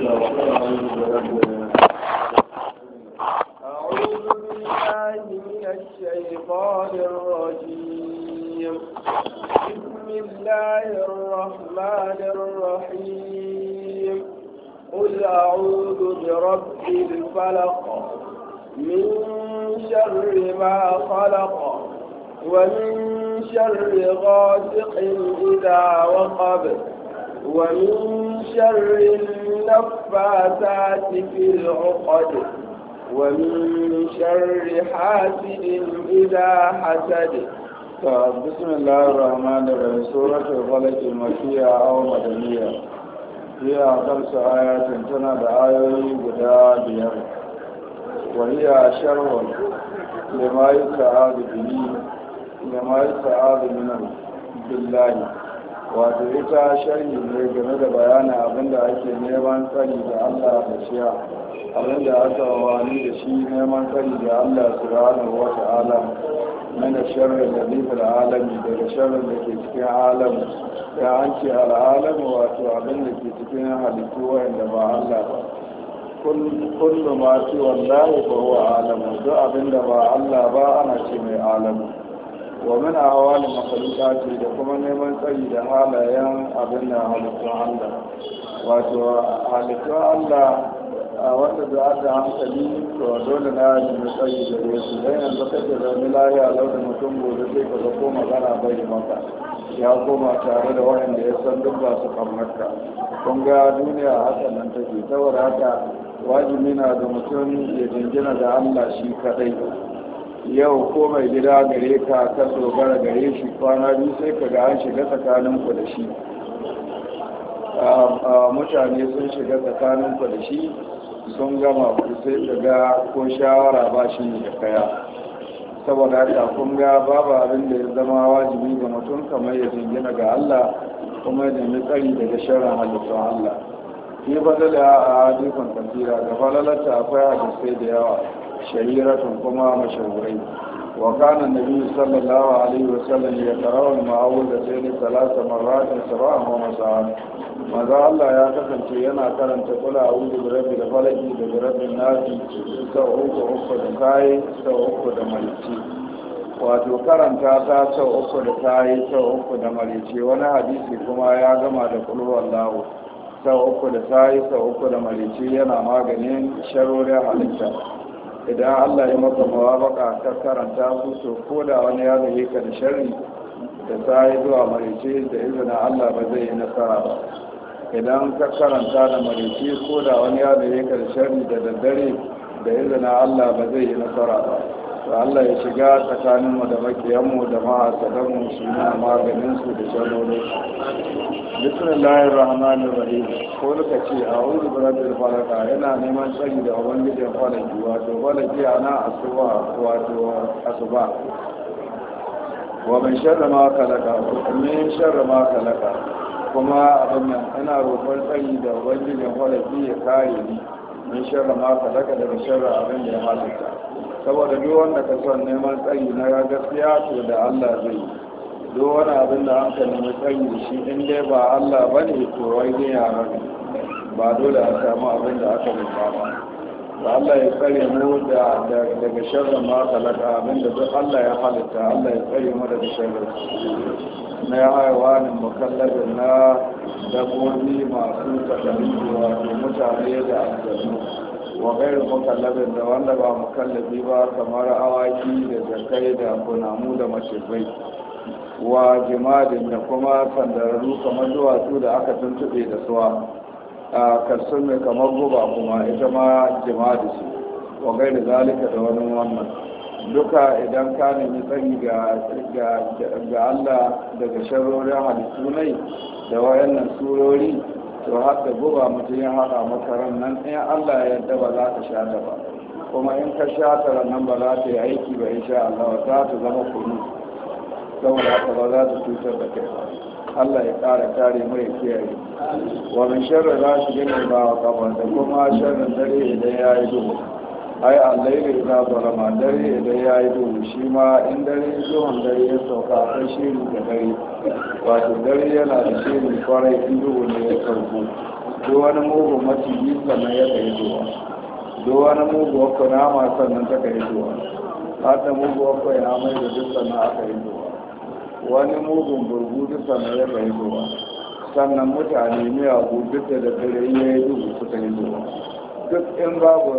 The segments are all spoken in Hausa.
أعوذ بالله من الشيطان الرجيم بسم الله الرحمن الرحيم قل أعوذ برب الفلق من شر ما خلق ومن شر غاسق إذا وقب ومن شر النفاثات في العقد ومن شر حاسد إذا حسد طيب، بسم الله الرحمن الرحيم سورة الغلق المشيعة أو مدنية هي خمس آيات تنا بآيوي بدا بيان وهي شر لما يستعاذ به لما يستعاذ منه بالله wato ita sharhi ne game da bayanin abinda ake neman tsari da Allah da shiya abinda aka wani da shi neman tsari da Allah rana wata alam mana sharri da nifar alami daga sharrin da ke cikin alamu ya an ce al'alamu wato abinda ke cikin halittu wa'anda ba Allah ba kullum ma ce wallahi ba huwa alamu duk abinda ba Allah ba ana ce mai alamu wa min ahwal makhluqati da kuma neman tsayi da halayen abin da halittun Allah wato halittun Allah a wanda da aka hankali to dole na yi mai tsayi da yesu dan yanzu kake zaune lahiya lau da mutum gobe sai ka ga magana bai maka ya koma tare da waɗanda ya san duk ba su kammarka kun ga duniya haka nan take saboda haka wajibi na da mutum ya jingina da Allah shi kadai yau ko mai gida gare ka ka dogara gare shi kwana biyu sai ka ga an shiga tsakanin ku da shi mutane sun shiga tsakanin ku da shi sun gama ku sai ka ga ko shawara ba shi ne da kaya saboda haka kun ga babu abin da ya zama wajibi ga mutum kamar ya jingina ga Allah kuma ya nemi tsari daga sharrin halittun Allah. Ni fadala a adikon tafira ga falalata akwai hadisai da yawa shahiratun kuma mashahurai wa kana nabi sallallahu alaihi sallam ya tarawar da sai ne salasa maratin saba'an wa masa'an maza Allah ya kasance yana karanta kula a wuce birabi da falaki da birabin nafi sau uku uku da kayi sau uku da malici wato karanta ta sau uku da kayi sau uku da malici wani hadisi kuma ya gama da kulwar lawo sau uku da kayi sau uku da malici yana maganin sharorin halitta idan Allah ya maka mawafaka ta karanta su to ko da wani ya zai ka da sharri da sai zuwa marice da izinin Allah ba zai yi nasara ba idan ka karanta da marice ko da wani ya zai ka da sharri da daddare da izinin Allah ba zai yi nasara ba da Allah ya shiga tsakaninmu da makiyanmu da ma'asadanmu su yi maganinsu da janoninsu bismillahir rahmanir rahim ko duka ce a wani birnin falaka yana neman tsari da ubangijin falaki wato falaki a na asuwa wato asuba wa min sharra ma kalaka min sharra ma kalaka kuma abin nan ana roƙon tsari da ubangijin falaki ya kare ni min sharri ma khalaqa daga sharri abin da ya halitta saboda duk wanda ka son neman tsayi na gaskiya to da Allah zai yi duk wani abin da an ka nemi tsayi shi in dai ba Allah bane to wai ne ba dole a samu abin da aka rubuta ba Allah ya tsare mu da daga sharrin ma talaka abinda duk Allah ya halitta Allah ya tsare mu daga sharrin na ya haiwanin mukallabin na dabbobi masu takalmi wato mutane da aljanu wa gairin mukallabin da wanda ba mukallabi ba kamar awaki da zakai da kunamu da mashirbai wa jimadin da kuma sandararru kamar duwatsu da aka tuntube da suwa kasar mai kamar guba kuma ita ma jima'a da su wa da zalika da wani wannan duka idan ka nemi tsari ga allah daga sharorin halittu nai da wayannan surori to haka guba mutum ya haɗa makaran nan ɗaya allah ya yadda ba za ka sha ba kuma in ka sha ta nan ba za ta yi aiki ba insha allah za ta zama kunu saboda haka ba za ta cutar da kai ba Allah ya ƙara kare mai kiyaye wa min sharri gina ba wa kaba da kuma sharrin dare idan ya yi duhu ai allaili idza zalama dare idan ya yi duhu shi ma in dare duhun dare ya sauka kan shiri da dare wato dare yana da shiri kwarai in duhu ne ya sauko duk wani mugu mugun maciji sannan ya kai duwa. duk wani mugu muguwar nama sannan ta kai zuwa har da muguwar kwaya mai da duk sannan aka yi duwa. wani mugun burgu duka na ya bai zuwa sannan mutane ne a duka da dare ya yi duk suka yi zuwa duk in babu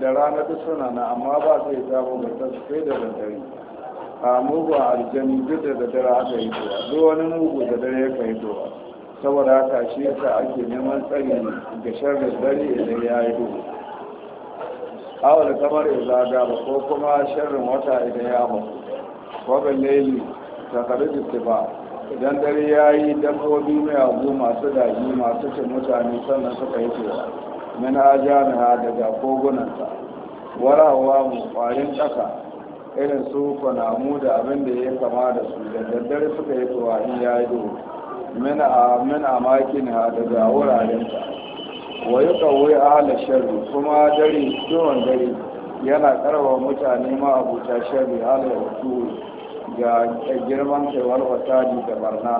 da rana duk suna na amma ba zai zama ga ta sai da dare. a mugun aljani duk da dare aka yi zuwa duk wani mugu da dare ya kai zuwa saboda haka shi yasa ake neman tsari ga sharrin dare idan ya yi duhu awal kamar izaga ba ko kuma sharrin wata idan ya ba ko laili takarar istifa idan dare ya yi dabbobi mai abu masu daji masu cin mutane sannan suka yi cewa min ajanaha daga kogunanta warawa mu kwarin ƙasa irin su kwanamu da abin da ya kama da su da daddare suka yi cewa in ya yi duhu min a makin ha daga wurarenta wa yi kawai ala sharri kuma dare kiwon dare yana karawa mutane ma abuta sharri ala ya ga girman kewar fasadi da barna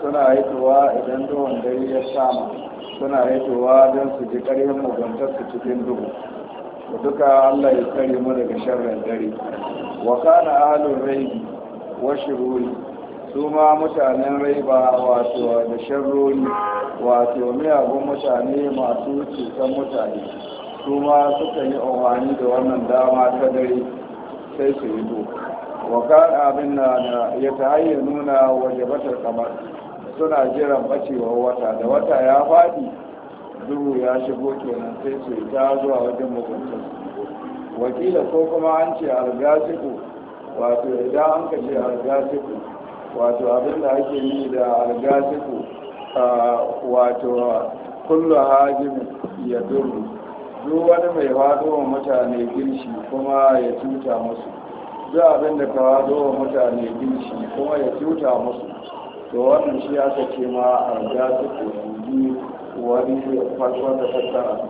suna haituwa idan duhun dare ya sama suna haituwa don su ji ƙarfin su cikin duhu duka allah ya kare mu daga sharrin dare wa kana ahlul raibi wa shururi su ma mutanen raiba wato da sharrori wato miyagun mutane masu cutar mutane su ma suka yi amfani da wannan dama ta dare sai su yi duka wakana abin na ya ta hanyar nuna wajabatar kamar suna jiran bacewar wata da wata ya faɗi duhu ya shigo kenan sai su yi ta zuwa wajen muguntar wakila ko kuma an ce algasiku wato idan an ka ce algasiku wato abin da ake yi da algasiku wato kullu hajimin ya duru duk wani mai faɗo mutane girshi kuma ya tuta musu duk abin da ka zo wa mutane ginci kuma ya cuta musu to wannan shi ya sake ma a ga su koyi wani farkon da tattara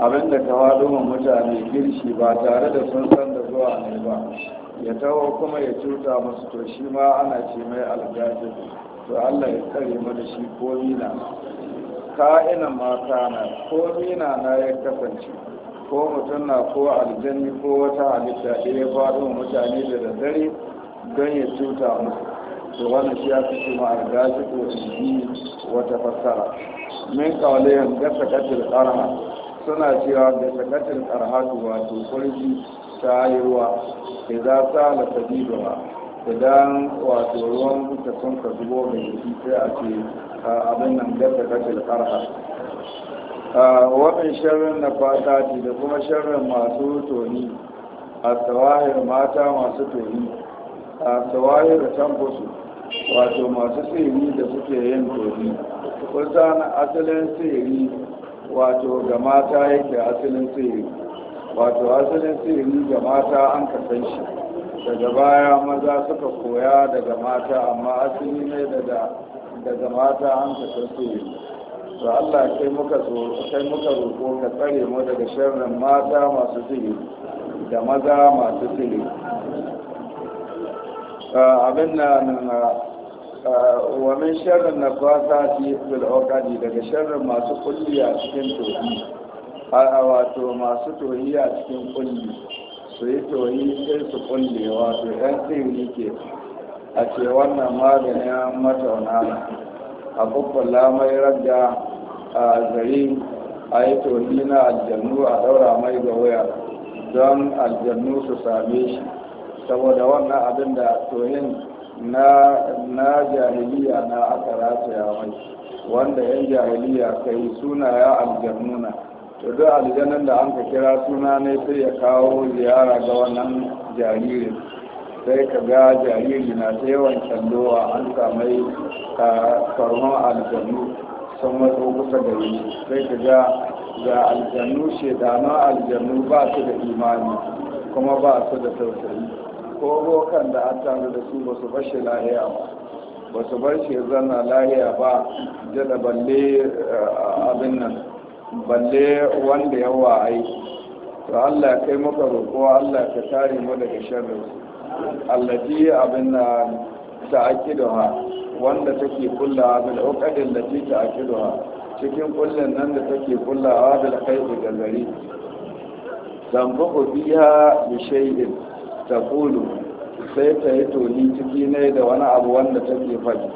abin da ka wado wa mutane girshi ba tare da sun san da zuwa ne ba ya tawo kuma ya cuta musu to shi ma ana ce mai algajin to allah ya tsare mana shi ko mina ina mata na ko mina na ya kasance ko mutum na ko aljanni ko wata halitta da ya faɗo mutane da daddare don ya cuta musu to wani shi ya fi ma gashi ko shi wata fassara min kawaliyan gasa katil ƙarha suna cewa ga karha ƙarhatu wato kurji ta yi ruwa idan sa la da idan wato ruwan ta sun ka zubo mai jiki sai a ce abin nan gasa katil ƙarha waɗin sharrin na ce da kuma sharrin masu toni a tsawahir mata masu toni a tsawahir tamfusu wato masu tsiri da suke yin toni kusa na asalin tsiri wato ga mata yake asalin tsiri wato asalin tsiri ga mata an kasan shi daga baya maza suka koya daga mata amma asali ne daga mata an kasan tsiri to Allah kai muka kai muka roƙo ka tsare mu daga sharrin mata masu sihiri da maza masu sihiri abin na wa min sharrin nafasa fi fil uqadi daga sharrin masu kulliya a cikin tohi a wato masu tohi a cikin kulli su yi tohi sai su kulle wato yan sihiri ke a ce wannan maganin matauna a kwakwalla mai ragga a zare a yi na aljannu a daura mai ga waya don aljannu su same shi saboda wannan abin da tohin na jahiliya na aka rataya mai wanda yan jahiliya kai suna ya aljannuna to duk aljanun da an ka kira suna ne sai ya kawo ziyara ga wannan jaririn sai ka ga jariri na ta yawan kallowa an samai karma aljannu sun matso kusa da yi sai ka ga ga aljannu shedana aljannu ba su da imani kuma ba su da tausayi ko rokan da an tare da su ba su bar shi lahiya ba ba su bar shi zana lahiya ba jada balle eh, abin nan balle wanda yawa aiki to Allah kai maka roƙo Allah ka tare mu daga sharri allati abin nan ta akidu ha wanda take kullawa da uqadin a kiduwa. cikin kullun nan da take kullawa bil kai da gari tambaku biya bi ta kulu sai ta yi toni ciki ne da wani abu wanda take faɗi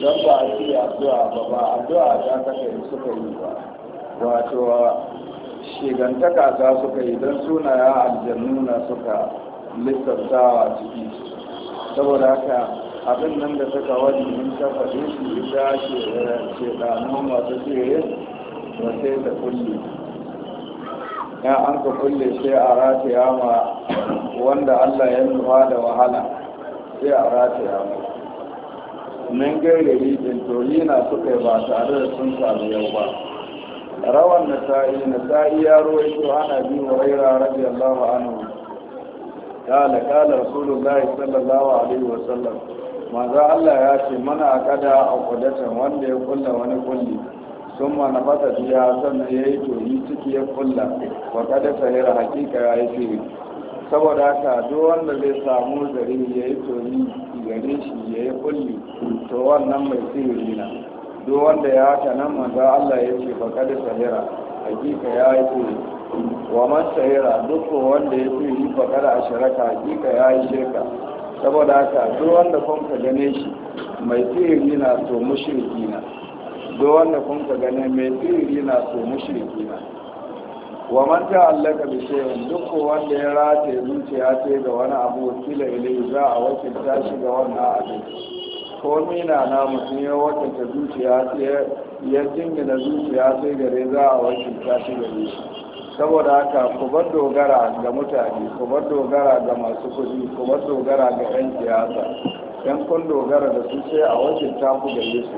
don ba a ce addu'a ba ba addu'a ta kaka yi suka yi ba wato shigantaka ta su yi don sunaya aljannu na suka lissaftawa ciki saboda haka abin nan da suka wani mun tafaɗe su ita ce ɗanon masu tsere ba sai da kulle ya an ka kulle sai a rataya ma wanda allah ya nufa da wahala sai a rataya ma min rikin toli na suka yi ba tare da sun samu yau ba rawan nasa'i nasa'i ya ruwaito ana bi wa raira radiyallahu anhu قال قال رسول الله صلى الله عليه وسلم mazan Allah ya ce mana a kada a kudatan wanda ya kulla wani kulli sun ma na fata biya sannan ya yi toyi ciki ya kulla wa kada ta yi hakika ya yi firi saboda haka duk wanda zai samu gari ya yi toyi gare shi ya yi kulli to wannan mai sihiri na duk wanda ya haka nan mazan Allah ya ce fa kada sahira hakika ya yi firi wa man sahira duk wanda ya firi baka da shirka hakika ya yi shirka saboda haka duk wanda kun ka gane shi mai tsiri na to mushriki na duk wanda kun ka gane mai tsiri na to mushriki na wa man allaka bi shay'in duk wanda ya rataye zuciya sai ga wani abu wakila ile za a wakilta shi ga wannan abu ko ni na mutum ya ta zuciya ce ya jingina zuciya sai gare za a wakilta shi gare shi saboda haka ku bar dogara ga mutane ku bar dogara ga masu kuɗi ku bar dogara ga 'yan siyasa yan kun dogara da su sai a wajen ta ku gare su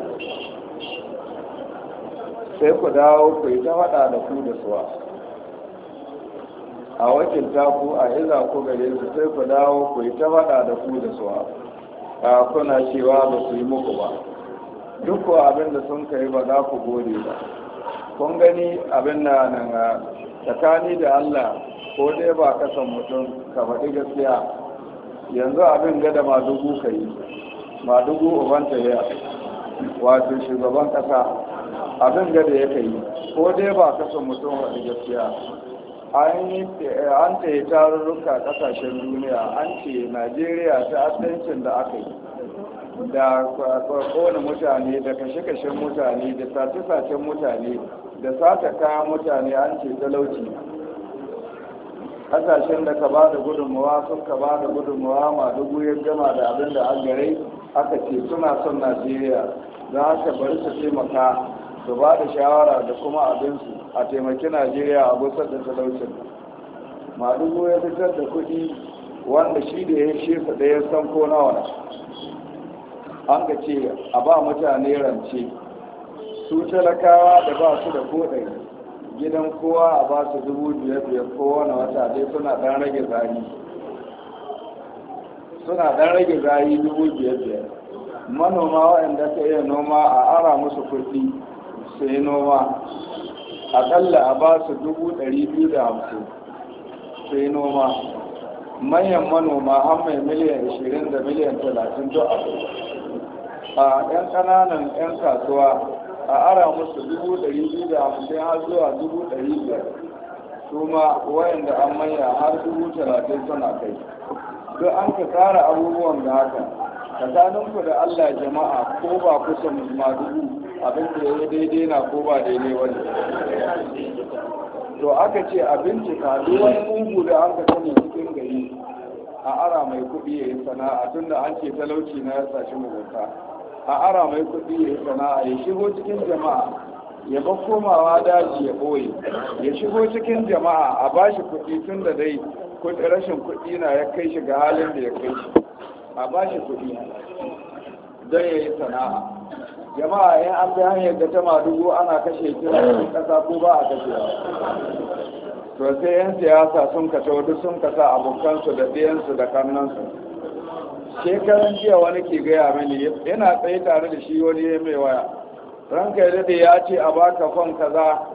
sai ku dawo ku yi ta faɗa da ku da suwa a wajen ta ku a iza ku gare su sai ku dawo ku yi ta faɗa da ku da suwa a kuna cewa ba su yi muku ba duk abin da sun kai ba za ku gode ba kun gani abin da nan tsakani da Allah ko dai ba kasan mutum ka faɗi gaskiya yanzu abin gada madugu ka yi madugu uban tafiya wato shugaban kasa abin gada ya yi, ko dai ba kasan mutum faɗi gaskiya an ta yi tarurruka kasashen duniya an ce najeriya ta asancin da aka yi da kowane mutane da kashe-kashen mutane da sace-sacen mutane da sata kayan mutane an ce talauci kasashen da ka ba da gudunmawa sun ka ba da gudunmawa ma dubu ya gama da abin da an gare aka ce suna son najeriya za haka bari su taimaka su ba da shawara da kuma abinsu a taimaki najeriya a busar da talaucin ma dubu ya fitar da kuɗi wanda shi da ya su ɗaya san ko nawa an ka ce a ba mutane rance su talakawa da ba su da kodai gidan kowa a ba su dubu biyar biyar kowane wata dai suna dan rage zayi suna dan rage zayi dubu biyar biyar manoma waɗanda ka iya noma a ara musu kuɗi su yi noma aƙalla a ba su dubu ɗari biyu da hamsin su yi noma manyan manoma an mai miliyan ashirin da miliyan talatin duk a a 'yan ƙananan 'yan kasuwa a ara musu dubu ɗari biyu da hamsin har zuwa dubu ɗari biyar su ma wayanda an manya har dubu talatin suna kai duk an ka tsara abubuwan da haka tsakaninku da allah jama'a ko ba kusa ma dubu abin da ya daidai na ko ba daidai wani to aka ce a bincika duk wani ungu da an ka sani cikin gari a ara mai kuɗi ya yi sana'a tunda an ce talauci na ya sashi mugunta a ara mai kuɗi ya sana'a ya shigo cikin jama'a ya ba komawa daji ya ɓoye ya shigo cikin jama'a a ba shi kuɗi tun da dai rashin kuɗi na ya kai shi ga halin da ya kai shi a ba shi kudi don ya yi sana'a jama'a in an bi hanyar da ta madugu ana kashe kira ƙasa ko ba a kashe to yan siyasa sun kasa wadda sun kasa abokansu da biyansu da kannansu shekaran jiya wani ke gaya mini yana tsaye tare da shi wani ya mai waya ranka ya da ya ce a baka fon kaza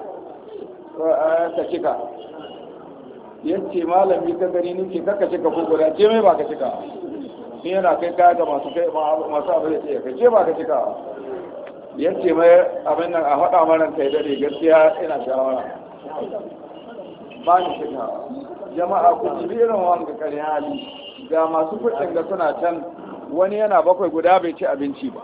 ka cika ya ce malami ka gani nuke kaka cika ko guda ce mai baka cika ni yana kai kaya ga masu kai masu abu da ce ka ce baka cika ya ce mai abin nan a faɗa mana kai da gaskiya ina shawara ba ni cika jama'a ku ji irin wanga kare hali ga masu kuɗin da suna can wani yana bakwai guda bai ci abinci ba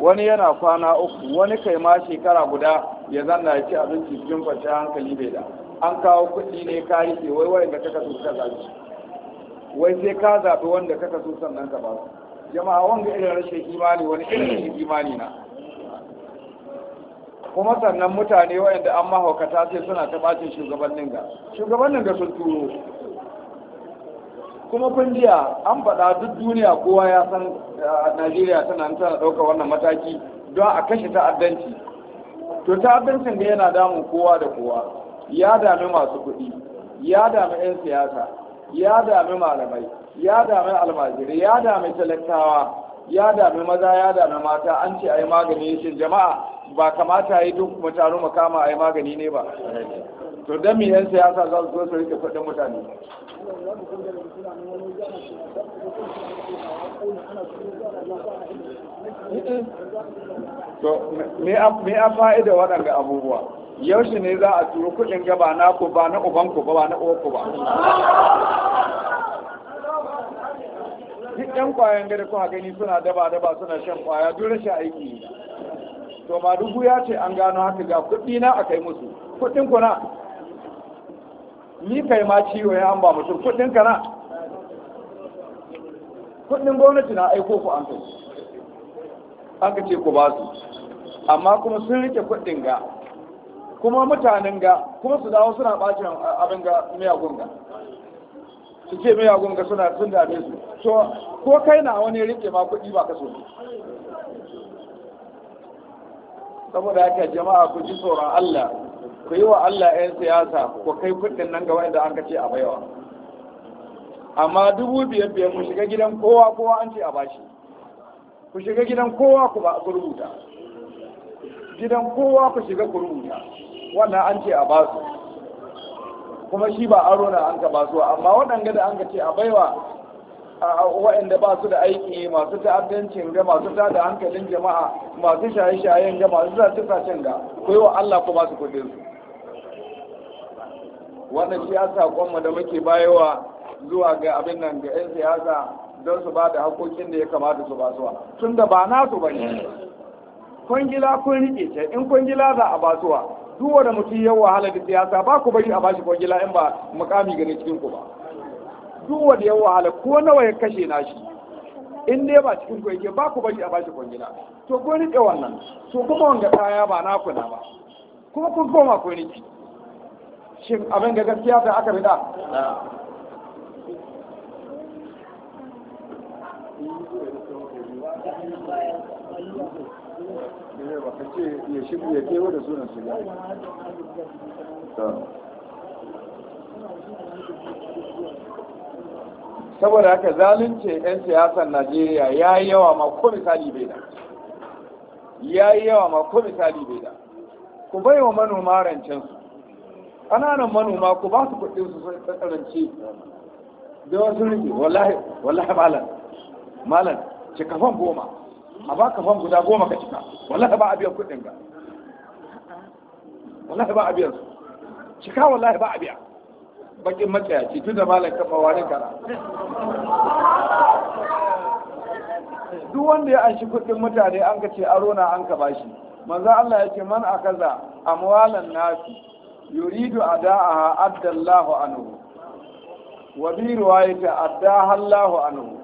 wani yana kwana uku wani kai ma shekara guda ya zanna ya ci abinci cikin kwanciyar hankali bai da an kawo kuɗi ne ka yi ke wai da kaka so ka zaɓi wai sai ka zaɓi wanda kaka so sannan ka ba su jama'a wanga irin rashin imani wani irin imani na kuma sannan mutane wayanda an mahaukata sai suna ta bacin shugabannin ga shugabannin ga sun turo kuma kun jiya an faɗa duk duniya kowa ya san eh, najeriya tana tana ɗaukar wannan mataki don a kashe ta'addanci to ta'addancin da yana damun kowa da kowa ya dami masu kuɗi ya dami 'yan siyasa ya dami malamai ya dami almajiri ya dami talakawa ya dami maza ya dami mata an ce a yi magani shin jama'a ba kamata yi duk mu taru mu kama a yi magani ne ba to don mi yan siyasa za su zo su rike kuɗin mutane to me a fa'ida waɗanda abubuwa yaushe ne za a turu kuɗin gaba na ku ba na ubanku ba na uwanku ba duk yan kwayan gari kuma gani suna daba-daba suna shan kwaya duk rashin aiki to ma dubu ya ce an gano haka ga kuɗi na a kai musu kuɗin ku na ni kai ma ciwo ya an ba mutum kudin kana kudin gwamnati na aiko ku an kai an ka ce ku ba su amma kuma sun rike kudin ga kuma mutanen ga kuma su dawo suna bacin abin ga miyagun ga su ce miyagun ga suna sun dame su to ko kai na wani rike ma kudi ba ka so saboda yake jama'a ku ji tsoron Allah ku yi wa Allah 'yan siyasa ku kai kudin nan ga wanda aka ce a baiwa amma dubu biyar biyar mu shiga gidan kowa kowa an ce a bashi ku shiga gidan kowa ku ba ku rubuta gidan kowa ku shiga ku rubuta wannan an ce a basu kuma shi ba aro na an ka basu amma waɗanda da an ka ce a baiwa waɗanda ba su da aiki masu ta'addancin ga masu da hankalin jama'a masu shaye-shayen ga masu su sacen ga koyi wa Allah ko su kudin su wanda shi ya saƙonmu da muke bayowa zuwa ga abin nan ga 'yan siyasa don su ba da hakokin da ya kamata su ba wa tun da ba nasu ba ne kwangila kun riƙe ce in kwangila za a ba suwa duk wanda mutum wahala da siyasa ba ku bari a bashi kwangila in ba mukami gani cikin ku ba duk wanda ya wahala ko nawa ya kashe nashi in dai ba cikin ku yake ba ku bashi a bashi kwangila to ko ke wannan to kuma wanga kaya ba na kuna ba kuma kun koma ko ki? shin abin da gaskiya da aka rida ce ya shi ya da sunan saboda haka zalunce 'yan siyasar najeriya ya yi yawa ma ko misali bai da ya yi yawa ma ko misali bai da ku bai wa manoma rancensu ƙananan manoma ku ba su kuɗi su sun rance da wasu rike wallahi wallahi malam malam cika fan goma a ba ka fan guda goma ka cika wallahi ba a biyan kuɗin ga wallahi ba a biyan su cika wallahi ba a biya bakin matsayaci tun da malam kafa wani kara duk wanda ya anshi kudin mutane an ka ce Arona an ka bashi manzo Allah yake man akaza amwalan nasi yuridu ada'aha addallahu anhu wa bi riwayati addaha Allahu anhu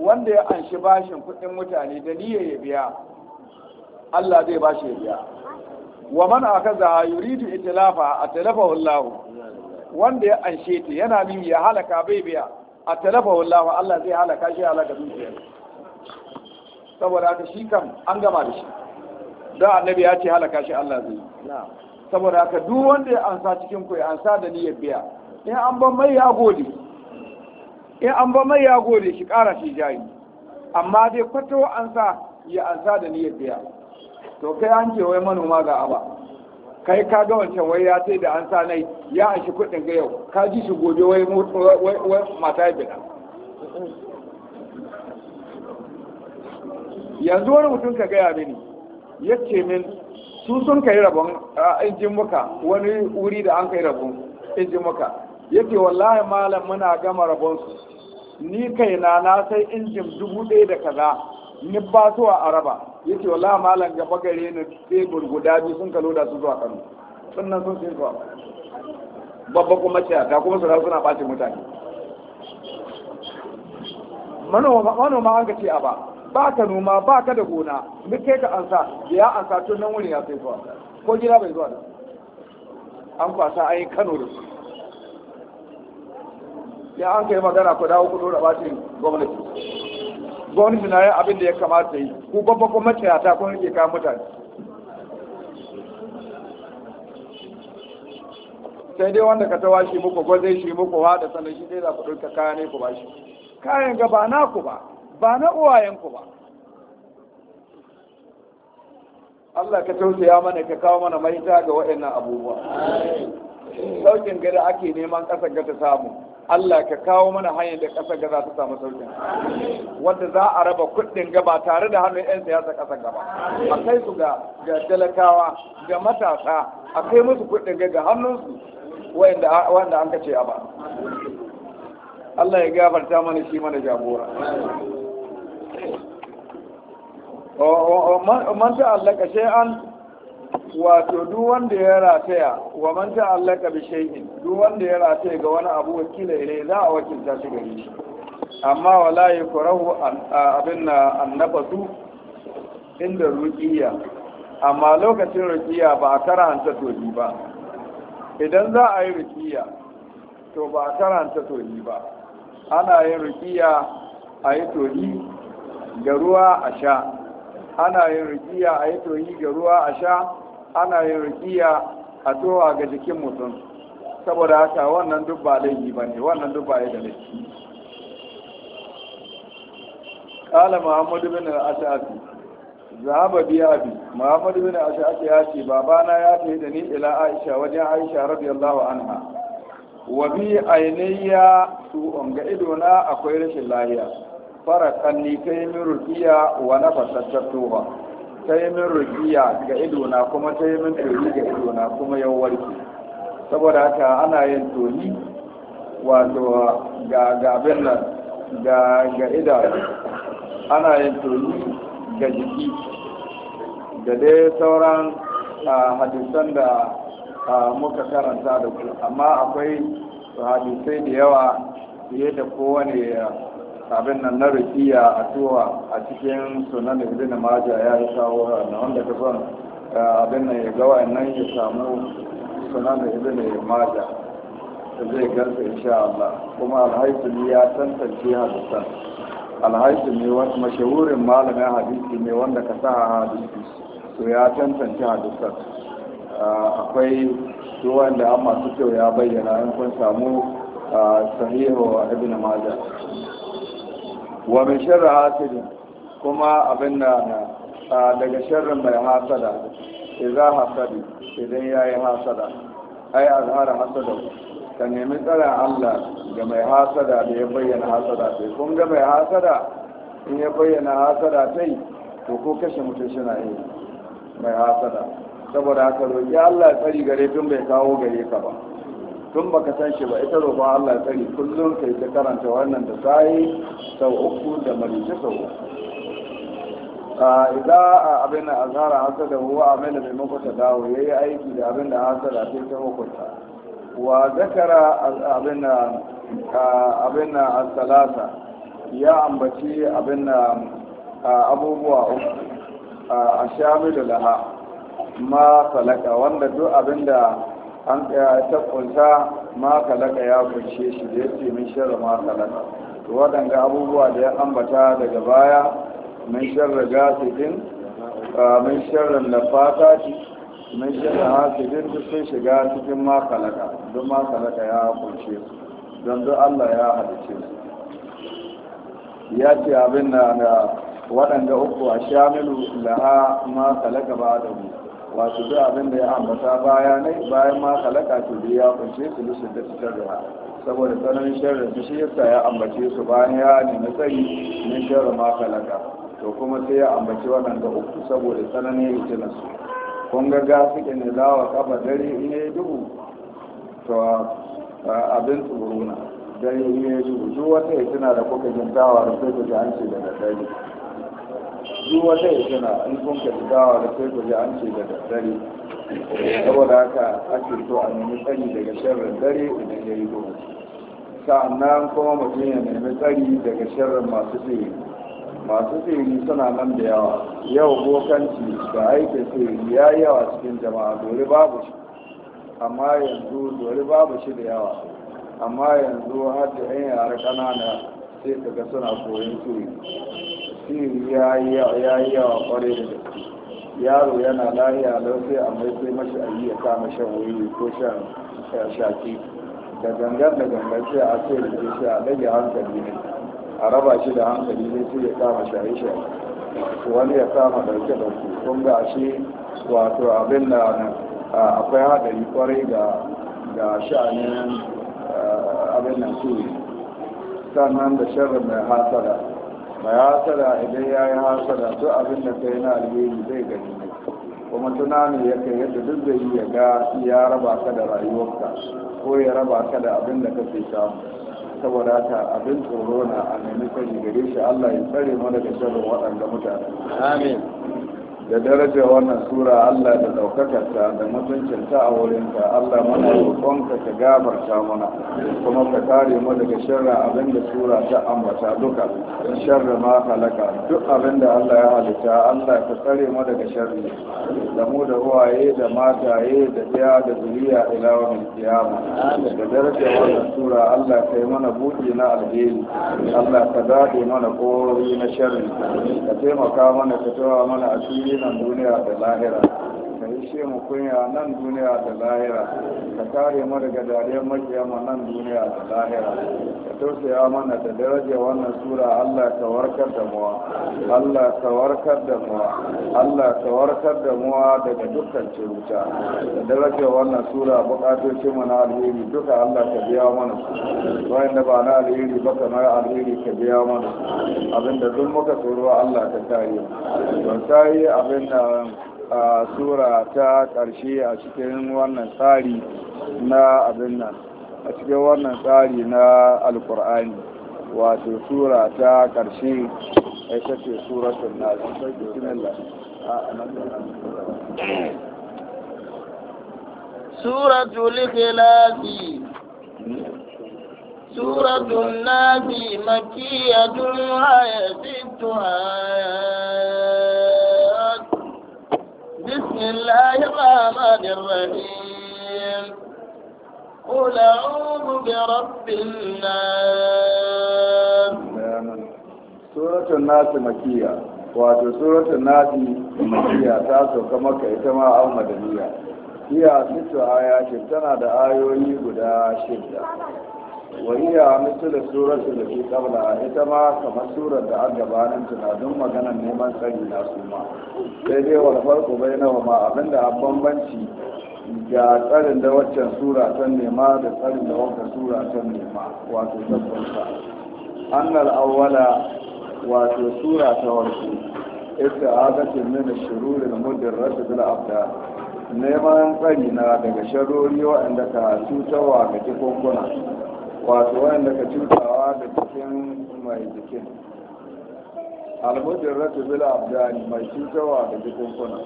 wanda ya anshi bashin kudin mutane da niyyar ya biya Allah zai bashi ya biya wa man akaza yuridu itlafa atlafahu Allahu wanda ya anshe ta yana min ya halaka bai biya a talafa wallawa Allah zai halaka shi halaka dukiyar saboda haka shi kan, an gama da shi don annabi ya ce halaka shi Allah zai saboda haka duk wanda ya ansa cikin ku ya ansa da niyyar biya in an ban mai ya gode in an ban mai ya gode shi kara shi jari amma dai kwato ansa ya ansa da niyyar biya to kai an ce wai manoma ga aba kai ka ga wancan wai ya ce da an sa nai ya an shi kuɗin ga yau ka ji shi gobe wai mata ya bida yanzu wani mutum ka gaya mini ya ce min su sun kai rabon injin muka wani wuri da an kai rabon injin muka ya ce wallahi malam muna gama rabon su ni kaina na sai injin dubu ɗaya da kaza ni ba a araba yace wala malam ga bagare ne sai gurguda bi sun kalo da su zuwa Kano sannan sun sai zuwa babba kuma ce ta kuma su suna ɓace mutane manoma an ka ce a ba ba ka noma ba ka da gona duk kai ka ansa da ya ansa tun nan wuri ya sai zuwa ko gida bai zuwa da an kwasa an yi kano da su ya an kai magana ku dawo ku dora bacin gwamnati gwamnati na yin abin da ya kamata yi ku babba kuma tsayata kun rike kayan mutane sai dai wanda ka tawa shi muku gwazai shi muku wa da sanar shi dai za ku ɗauka kaya ne ku ba shi kayan ga ba na ku ba ba na uwayen ku ba Allah ka tausaya mana ka kawo mana mahita ga waɗannan abubuwa saukin gada ake neman ƙasar ga ta samu Allah ka kawo mana hanyar da ƙasar gaza ta samu sauƙin wanda za a raba kuɗin gaba tare da hannun 'yan siyasa ƙasar gaba a kai su ga talakawa ga matasa a kai musu kuɗin gaga hannunsu wanda an kace a ba Allah ya gafarta mana shi mana jagora man ta'allaka an. wato duk wanda ya rataya wa man ta'allaka bi shay'in duk wanda ya rataya ga wani abu wakila ilai za a wakilta shi gari. amma wala yakrahu abin na annabatu inda ruqiya amma lokacin ruqiya ba a karanta toji ba idan za a yi ruqiya to ba a karanta toji ba ana yin ruqiya a yi toji ga ruwa a sha ana yin ruqiyya a yi toji ga ruwa a sha ana yin rukiya a towa ga jikin mutum saboda haka wannan dubba laifi ba ne wannan dubba ya da laifi kala muhammadu bin al-ash'ari biya bi muhammadu bin al ya ce babana ya ce da ni ila aisha wajen aisha radiyallahu anha wa bi ainiya su ga idona akwai rashin lahiya fara kanni kai min rukiya wa nafasattatuha ta yi min rukiya ga idona kuma ta yi min toni ga idona kuma ya warke saboda haka ana yin turi wato ga abin nan ga idanu ana yin toni ga jiki da dai sauran hadisan da muka karanta da ku amma akwai hadisai da yawa fiye da kowane abin nan na rukiya a tuwa a cikin sunan ibn maja ya yi shawara na wanda ta son eh, abin nan ya gawa nan ya samu sunan ibn maja zai gansa insha Allah kuma alhaifin ya tantance hadisan ne wasu mashahurin malamin hadisi ne wanda ka sa hadisi to ya tantance hadisan eh, akwai tuwan da an masu kyau ya bayyana in kun samu eh, sahihu ibn maja wa min sharri hasidin kuma abin da daga sharrin mai hasada idza hasadi idan yayi hasada ai azhara hasada ka nemi tsara Allah ga mai hasada da ya bayyana hasada sai kun ga mai hasada in ya bayyana hasada sai to ko kashe mutum shi na yi mai hasada saboda haka roƙi Allah tsari gare tun bai kawo gare ka ba tun baka san shi ba ita roƙon Allah tsari kullum kai ta karanta wannan da sai sau uku da marice sau uku idan abin da azhara hasa da huwa abin da maimakon ta dawo ya yi aiki da abin da hasa da sai ta hukunta wa zakara abin da abin da asalasa ya ambaci abin da abubuwa uku a shamilu laha ma salaka wanda duk abin da an ɗaya ta kunsa ma kalaka ya kunshe shi da ya ce min ma kalaka to waɗanda abubuwa da ya ambata daga baya min sharri gasikin min sharri lafata min sharri hasidin duk sun shiga cikin ma kalaka duk ma kalaka ya kunshe su don duk Allah ya halice su ya ce abin da waɗanda uku a shamilu laha ma kalaka ba da mu wato duk abin da ya ambata baya ne bayan ma halaka su da ya kunshe su lusun da fitar da saboda tsananin sharrin da shi yasa ya ambace su bayan ya nemi tsari na sharrin ma halaka to kuma sai ya ambace waɗanda uku saboda tsananin hitinan su kun ga gafike ne zawa kaba dare in ya duhu to abin tsoro na dare in ya duhu duk wata hitina da kuka jintawa da sai ku ji an ce daga dare duk wata izina in kun ka dawa da kai guje an ce da dare saboda haka ake to a nemi tsari daga sharrin dare idan ya yi duhu sa'annan kuma mutum ya nemi tsari daga sharrin masu tsiri masu tsiri suna nan da yawa yau bokanci da aiki tsiri ya yawa cikin jama'a dori babu shi amma yanzu dori babu shi da yawa amma yanzu har da yan yara ƙanana sai daga suna koyon tsiri tafsiri ya yi yawa kwarai da gaske yaro yana lahiya don sai a mai sai mashi ayi ya kama shan wuri ko shan shaki da gangan da gangan sai a sai da ke shi a ɗage hankali ne a raba shi da hankali ne sai ya kama shaye shaye wani ya kama ɗauke ɗauke kun ga shi wato abin da akwai haɗari kwarai ga sha'anin abin nan turi sannan da sharri mai hasara ba ya sada idan ya yi hasada duk abin da kai na alheri zai gani ne kuma tunanin ya kai yadda duk zai yi ya ga ya raba ka da rayuwarka ko ya raba ka da abin da kake samu saboda ta abin tsoro na a nemi sani gare shi Allah ya tsare mana da shirin waɗanda mutane amin da daraja wannan sura Allah da ɗaukakarta da mutuncinta a wurinka Allah mana roƙonka ka gafarta mana kuma ka kare mu daga sharra abin da sura ta ambata duka sharra ma halaka duk abin da Allah ya halitta Allah ka tsare mu daga sharri da mu da uwaye da mataye da biya da zuriya ila wani kiyama da daraja wannan sura Allah kai mana buɗe na alheri Allah ka dade mana kori na sharri ka taimaka mana ka tawa mana asiri gina duniya da lahira ishe mu kunya nan duniya da lahira ka kare mu daga dariyar makiyama nan duniya da lahira ka tausaya mana da daraja wannan sura Allah ka warkar da mu Allah ka warkar da mu Allah ka warkar da mu daga dukkan cuta da daraja wannan sura bukatocin mu na alheri duka Allah ka biya mana su da ba na alheri ba kamar alheri ka biya mana abinda duk muka tsoro Allah ka kare mu ban sai abinda a sura ta ƙarshe a cikin wannan tsari na abin nan a cikin wannan tsari na alkur'ani wato sura ta ƙarshe ita ce suratun nasu suratul ikhlasi سورة النبي مكية وهي ست آيات بسم الله الرحمن الرحيم قل أعوذ برب الناس سورة الناس مكية wato suratul nasi makiya ta sauka maka ita ma an madaniya iya sittu ayatin tana da ayoyi guda shidda wariya misalar surar da ke kabla ita ma kamar surar da an gabanin tunanin maganar neman tsari na su ma sai dai wani farko bai nawa ma abinda a bambanci ga tsarin da waccan sura ta nema da tsarin da waccan nema wato tabbata annal awwala wato sura ta warko ita agatin min shururin mudirrat neman tsari na daga sharori waɗanda karatu cutarwa ga jikonkuna wato wanda ka cikawa da cikin mai jikin almujin ratu zila abdani mai cikawa da kuna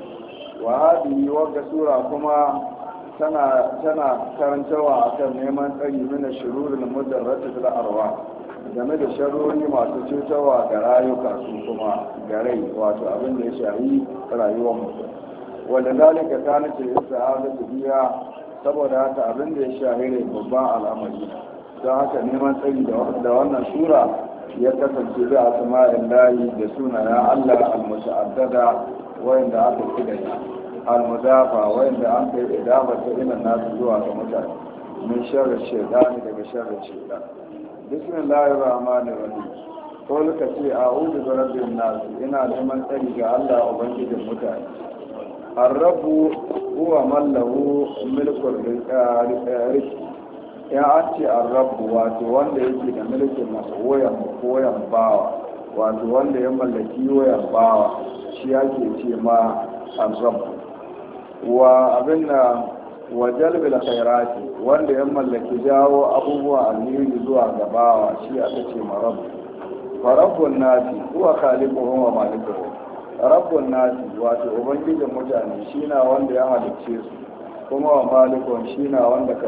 wa hadi wagga sura kuma tana karantawa a akan neman tsari mina shirurin mudan ratu zila arwa game da sharori masu cutarwa ga rayuka su kuma ga rai wato abin da ya shari rayuwar mutum wanda dalika ta nace ya sa'ada biya saboda haka abin da ya shari ne babban al'amari don haka neman tsari da wannan sura ya kasance da asma'in layi da sunayen Allah al-musa'addada wayanda aka fi kidaya al-mudafa wayanda an kai idafa ta ilan nasu zuwa ga mutane min sharri shaytan daga sharri shaytan bismillahir rahmanir rahim ko luka ce a a'udhu bi rabbin nasu, ina neman tsari ga Allah ubangijin mutane الرب هو من له ملك الرزق ya an ce an rabu wato wanda yake da mulkin masu wayan koyan bawa wato wanda ya mallaki wayan bawa shi ake ce ma an wa abin na wa jalbil khairati wanda ya mallaki jawo abubuwa alheri zuwa ga bawa shi aka ce ma rabu wa rabbun nasi huwa khaliquhum wa malikuhum rabbun nasi wato ubangijin mutane shi na wanda ya halicce su kuma wa malikun shi na wanda ka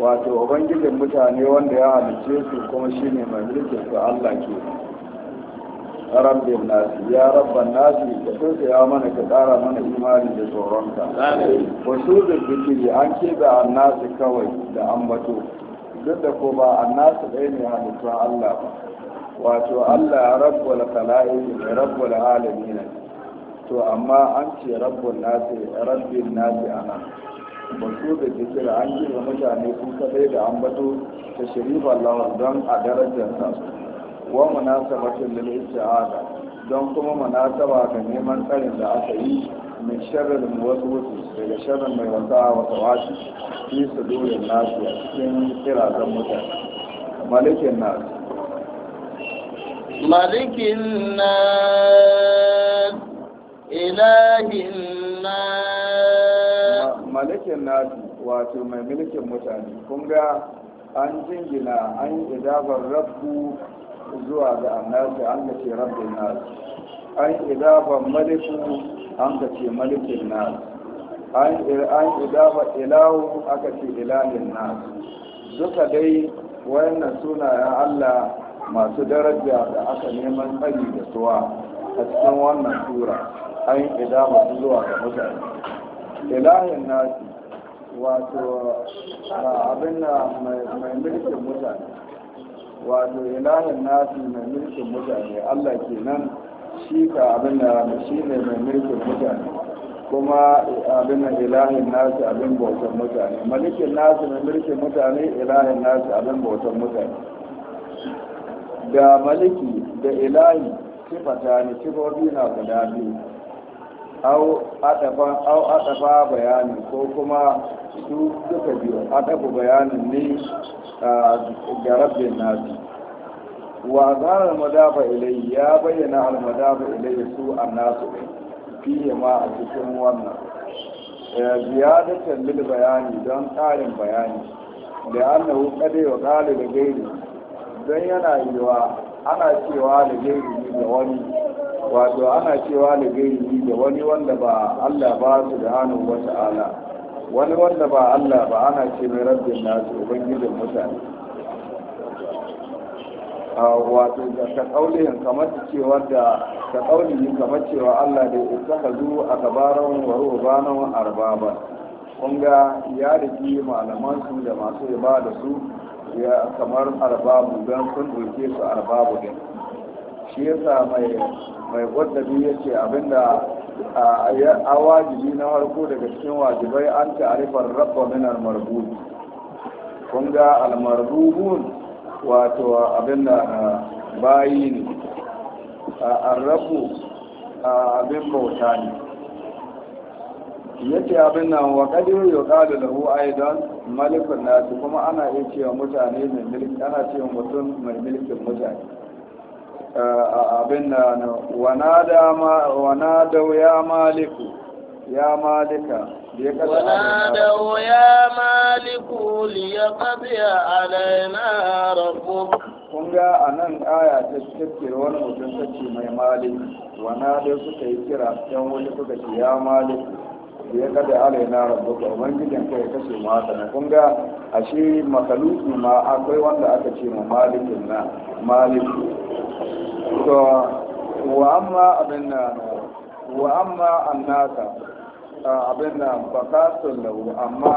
wato ubangijin mutane wanda ya halice su kuma shi ne mai mulkin su Allah ke rabbin nasi ya rabban nasi ka tausa ya mana ka tsara mana imani da tsoronka wasu da zikiri an keɓe annasi kawai da ambato duk da ko ba annasi ɗaya ne halittun Allah ba wato Allah ya rabu rabbul khala'iq ne rabbul alamin to amma an ce rabbul nasi rabbin nasi anan basu da jikira an da mutane su kadai da ambato ta shirifa lawar don a darajarsa wa munasabatin lil shahada don kuma munasaba ga neman tsarin da aka yi min sharrin wasu wasu daga sharrin mai wata wata wasu fi su dole nasu a cikin kirazan mutane malikin nasu malikin nasu ilahin nasu malikin nasu wato mai mulkin mutane kun ga an jingina an yi idabar rabbu zuwa ga annasu an ga ce rabbin nasu an yi idabar maliku an ga ce malikin nasu an yi idabar ilawu aka ce ilahin nasu duka dai wayannan sunayen allah masu daraja da aka neman tsari da suwa a cikin wannan tura an yi idabar zuwa ga mutane ilahin nasi wato abin na mai mulkin mutane wato ilahin nasi mai mulkin mutane allah ke nan shi ka abin da shi ne mai mulkin mutane kuma abin da ilahin nasi abin bautan mutane malikin nasi mai mulkin mutane ilahin nasi abin bautan mutane da maliki da ilahi sifata ne sifofi na guda biyu au adafa bayanin ko kuma su duka biyu adafa bayanin ne ga garabin nasi wa zara almadafa ilai ya bayyana almadafa ilai su a nasu fiye ma a cikin wannan ziyadatar lil bayani don tsarin bayani da annahu kade wa kale da gairi don yana yiwa ana cewa da gairi ga wani wato ana cewa da gairi da wani wanda ba Allah ba su da hannun wata ala wani wanda ba Allah ba ana ce mai rabin nasu ubangijin mutane ah, wato da ta kaulihin kamar da cewa da ka kaulihin kamar cewa Allah da ita ka zu a gabaran waro banan arbaba kunga ya riki malaman su da masu ibada su ya kamar arbabu don sun doke su arbabu din shi yasa mai mai gwadabi ya ce abinda a wajibi na harko daga cikin wajibai an ta'arifar rabba min al-marbub kun ga al-marbubun wato abinda bayi ne al-rabbu abin bauta ne yace abin nan wa qadir da lahu aidan malikun nasu kuma ana iya cewa mutane mai ana cewa mutum mai mulkin mutane abin da wana da ya maliku ya malika ونادوا يا مالك ليقضي علينا ربك kun ga a nan aya ta cikin wani mutum take mai malik wana dai suka yi kira don wani suka ce ya maliku? su ya kada alaina rabbuka ubangijin ka ya kashe mu haka na kunga ga ashe makaluki ma akwai wanda aka ce mu malikin na maliki to wa amma abin na wa amma annaka abin na bakatun lahu amma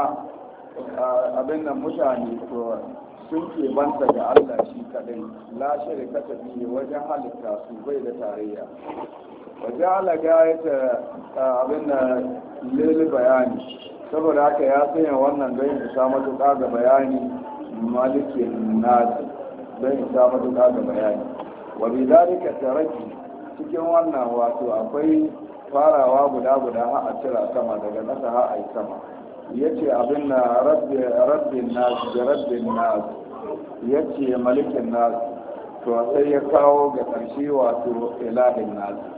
abin nan mutane to sun ke banta ga Allah shi kadai la shirka ta biyu wajen halitta su bai da tarayya waje alaga ya ta abin da lili bayani saboda haka ya sanya wannan don yin sa matuka ga bayani malikin nazi don isa matuka ga bayani wa bi zalika taraki cikin wannan wato akwai farawa guda guda har a cira sama daga nasa har a sama yace abin na rabbin nazi da rabbin nasi yace malikin nasi to sai ya kawo ga ƙarshe wato ilahin nazi.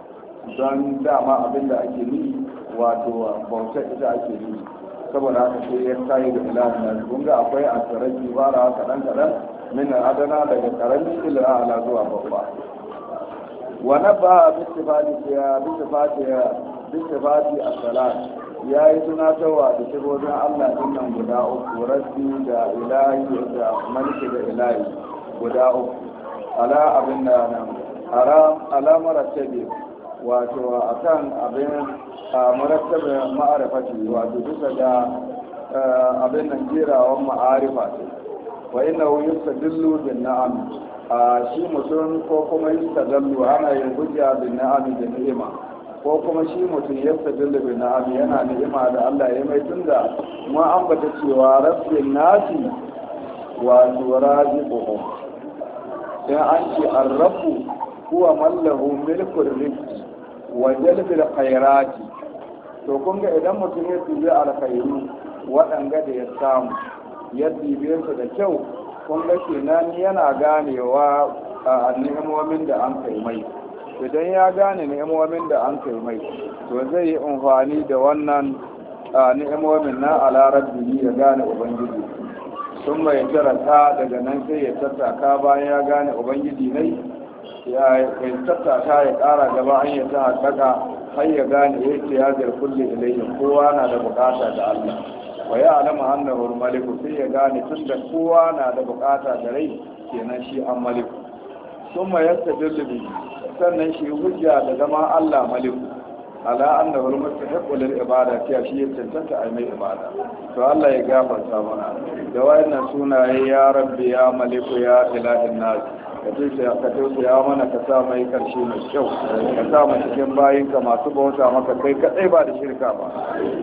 don dama abinda ake yi wato bautar ita ake yi saboda haka sai ya kayi da ilahin kun ga akwai asirar kibara kaɗan kaɗan min adana daga ƙaramin ila ala zuwa babba wa ba, bisifati ya bisifati ya bisifati as-salat ya yi tunatarwa da shigogin Allah din nan guda uku rasu da ilahi da maliki da ilahi guda uku ala abin da nan haram alamar tabi wato a kan abin marattabin ce wato bisa da abin nan wa ma'arifa ce wa ina wuyin dillu bin na'am a shi mutum ko kuma yin dillu ana yin hujja bin na'am da ni'ima ko kuma shi mutum ya dillu bin na'am yana ni'ima da Allah ya mai tunda an bata cewa rabbin nasi wato raziquhum In an ce arrafu kuwa mallahu milkul rikki wa da khairati to kun ga idan mutum ya dubi alkhairu waɗanga da ya samu ya dibe su da kyau kun ga kenan yana ganewa a ni'imomin da an kaimai idan ya gane ni'imomin da an kaimai to zai yi amfani da wannan ni'imomin na alarar ya gane ubangiji sun mai jarata daga nan sai ya tattaka bayan ya gane ubangiji nai? ya tattata ya ƙara gaba an ya ta haƙaƙa har ya gane ya ce ya kulle ilayhi kowa na da buƙata da Allah wa ya alama annahu maliku sai ya gane tun da kowa na da buƙata da rai kenan shi an maliku sun ma yasta dirlibi sannan shi hujja da zama Allah maliku ala annahu mustahiqu lil ibada ta shi ya tantanta a mai ibada to Allah ya gafarta mana da wayannan sunaye ya rabbi ya maliku ya ilahin nas ka tausaya mana ka sa mai karshe mai kyau ka sa mai cikin bayinka masu bauta maka kai kadai ba da shirka ba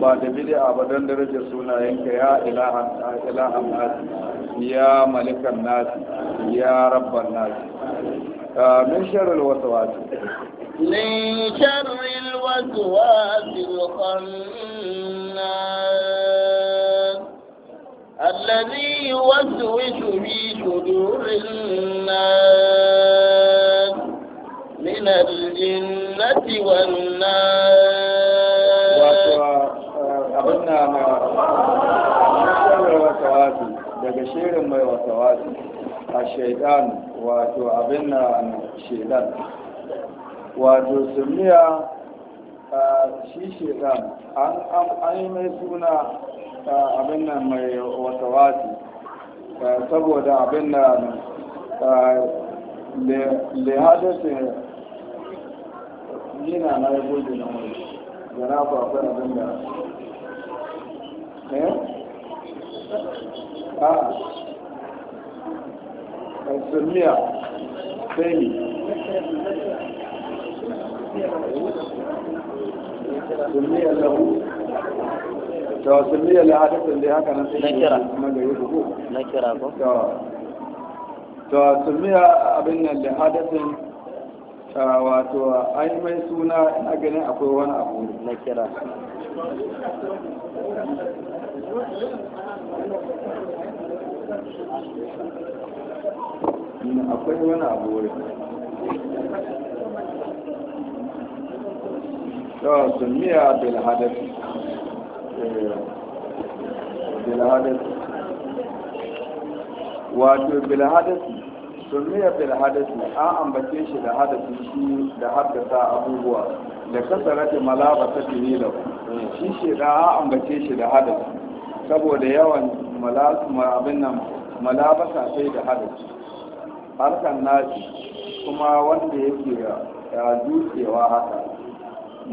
ba da bid'a ba don darajar sunayenka ya ilahan ilahan nasi ya malikan nasi ya rabban nasi min sharril waswas min sharril waswas al-khannas الذي يوسوس في صدور الناس من الجنة والناس eh, abinna ma shawarar wasawasi daga shirin mai wasawasi a shaidan wato abin abinna shaidan wato sumiya eh, shi shaidan an yi mai suna abin nan mai wasawasi saboda abin nan lihadasin yana na ya goge na mai yana ba akwai abin da eh ah. a lahu to sun la hadisin dai haka nan sai kira na gari ko na kira ko to to sirriya abin nan da hadisin wato ai mai suna ina ganin akwai wani abu na kira akwai wani abu wurin to sunniya bil hadathi wato bilhadasi sunniya bilhadasi an ambace shi da hadasi shi da haddasa abubuwa da kasarata malabata fiye da shi shi da an ambace shi da hadasi saboda yawan abin nan ta sai da hadasi harkan naci kuma wanda yake ya zucewa haka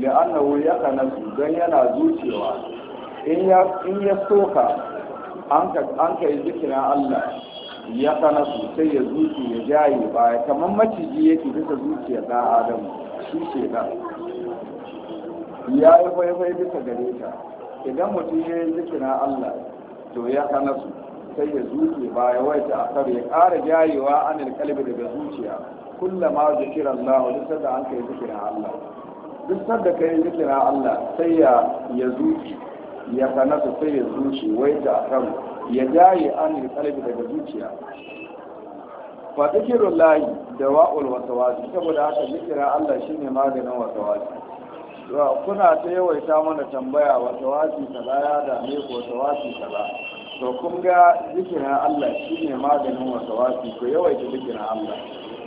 da annahu ya kanasu don yana zucewa in ya soka an ka yi zikirin Allah ya sana sosai ya zuci ya jaye ya kamar maciji yake bisa zuciya ɗan adam shi ke nan ya yi faifai bisa gare ta idan mutum ya yi zikirin Allah to ya sana su sai ya zuci ya wai ta akar ya ƙara jayewa an kalbi daga zuciya ma zikiran Allah wani sadda an ka yi zikirin Allah duk sadda ka yi zikirin Allah sai ya zuci ya kana su sai ya zuci wai ta kan ya jaye an yi kalbi daga zuciya fa zikirul lahi dawa'ul wasawasi saboda haka zikira Allah shine maganin wasawasi kuna ta yawaita mana tambaya wasawasi kaza ya dame ko wasawasi kaza to kun ga zikirin Allah shine maganin wasawasi ko yawaita zikirin Allah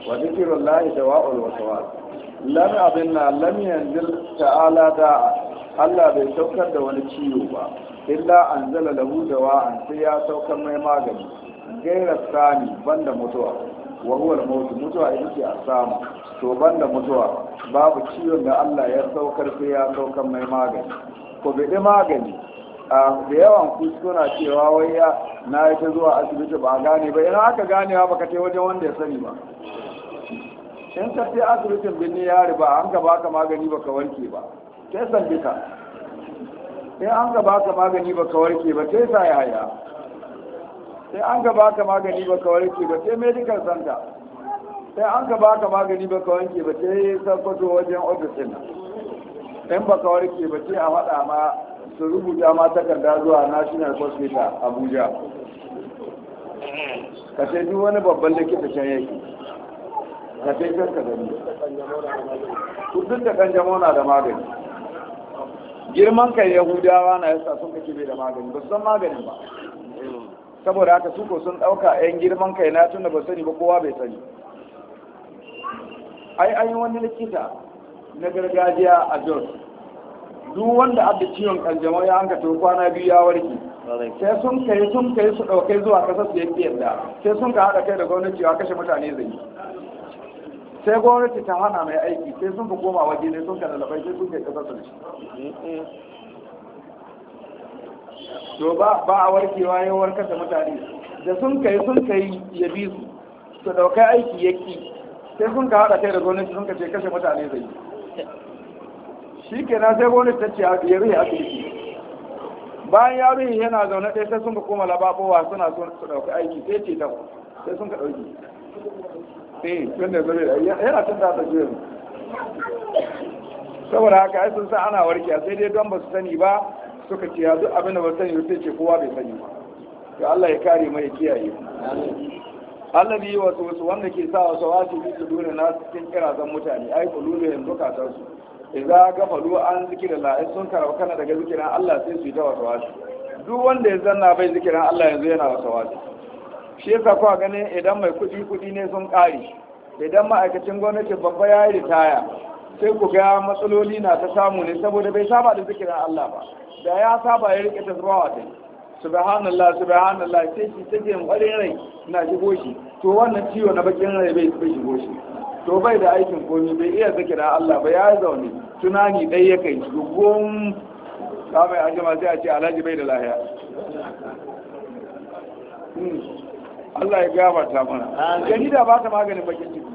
wa zikirul lahi dawa'ul wasawasi lan abinna lam yanzil ta'ala da Allah bai saukar da wani ciwo ba illa an zala lahu an sai ya saukar mai magani gaira sani banda mutuwa wa huwa al-maut mutuwa yake a samu to banda mutuwa babu ciwon da Allah ya saukar sai ya saukar mai magani ko bai magani a da yawan ku suna cewa wai ya na yi ta zuwa asibiti ba gane ba idan aka ganewa baka kai wajen wanda ya sani ba in ka sai asibitin birni ya riba an ka baka magani baka wanke ba ta san duka sai an ga baka magani ba ka warke ba sai sa yaya sai an ga baka magani ba ka warke ba sai medical center sai an ga baka magani ba ka warke ba sai sakwato wajen ofisina in ba ka warke ba sai a faɗa ma su rubuta ma takarda zuwa national hospital abuja ka sai duk wani babban likita can yake ka sai kanka gani duk da kanjamau na da magani girman kai yahudawa na yasa sun kake bai da magani ba san maganin ba saboda haka su ko sun dauka yan girman kai na tunda ba sani ba kowa bai sani ai ai wani likita na gargajiya a jos duk wanda abda ciwon kanjamau ya hanka to kwana biyu ya warke sai sun kai sun kai su daukai zuwa kasar su yake yadda sai sun ka hada kai da gwamnati ya kashe mutane zai sai gwamnati ta hana mai aiki sai sun fi koma waje ne sun ka labai sai sun kai kasar da to ba ba a warkewa ya warkar da mutane da sun kai sun kai ya bi su su daukai aiki ya ki sai sun ka hada kai da gwamnati sun ce kashe mutane zai shi kenan sai gwamnati ta ce ya rufe asibiti bayan ya rufe yana zaune ɗaya sai sun ka koma lababowa suna son su dauki aiki sai ce ta sai sun ka dauki eh da saboda haka ai sun san ana warke sai dai don ba su sani ba suka ce yanzu abin da ba sani sai ce kowa bai sani ba to Allah ya kare mai kiyaye Allah bi wasu wasu wanda ke sa wasu wasu bi su dole na cikin zan mutane ai ku kululu yanzu san su ka faɗo an la in sun karawa kana daga zikiran Allah sai su yi ta wasu wasu duk wanda ya zanna bai zikiran Allah yanzu yana wasu wasu shi yasa kuwa ganin idan mai kuɗi kuɗi ne sun ƙari idan ma'aikacin gwamnati babba ya yi ritaya sai ku ga matsaloli na ta samu ne saboda bai saba da zikirin Allah ba da ya saba ya rike tasbawa ta subhanallah subhanallah sai shi take kwarin rai na shigo shi to wannan ciwo na bakin rai bai bai shigo shi to bai da aikin komi bai iya zikirin Allah ba ya zaune tunani dai ya kai gugun ka mai ajima sai a ce alhaji bai da lahiya hmm. Allah ya ta mana jarida ba ta maganin bakin ciki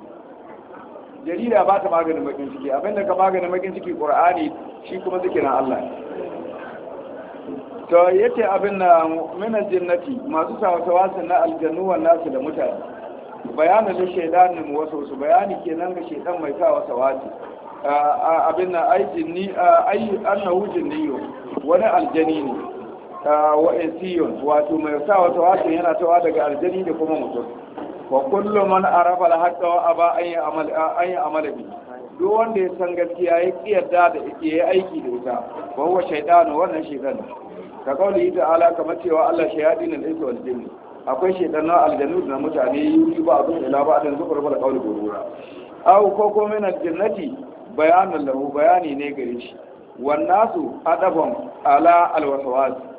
jarida ba ta maganin bakin ciki abinda ka maganin bakin ciki qur'ani shi kuma zikirin Allah to yace abin na mu'mina jannati masu sawasawa na aljannu wa nasu da mutane bayanin da shaidanin wasu su bayani kenan ga shaidan mai sawasawa abin na ai jinni ai annahu jinniyo wani aljani ne wa'in siyon wato mai sa sawa tawasin yana tawa daga aljani da kuma mutum wa kullum man arafa alhaqqa wa aba an yi amala bi duk wanda ya san gaskiya ya kiyarda da yake ya aiki da ita wa huwa shaytanu wannan shaytan ka kauli ala kamar cewa Allah shayadin al-insu wal jinni akwai shaytanin aljanu da mutane yuri ba abu ila ba da zukur fal qawli gurura aw ko ko min al-jannati bayanan lahu bayani ne gare shi wan nasu adabun ala al-waswas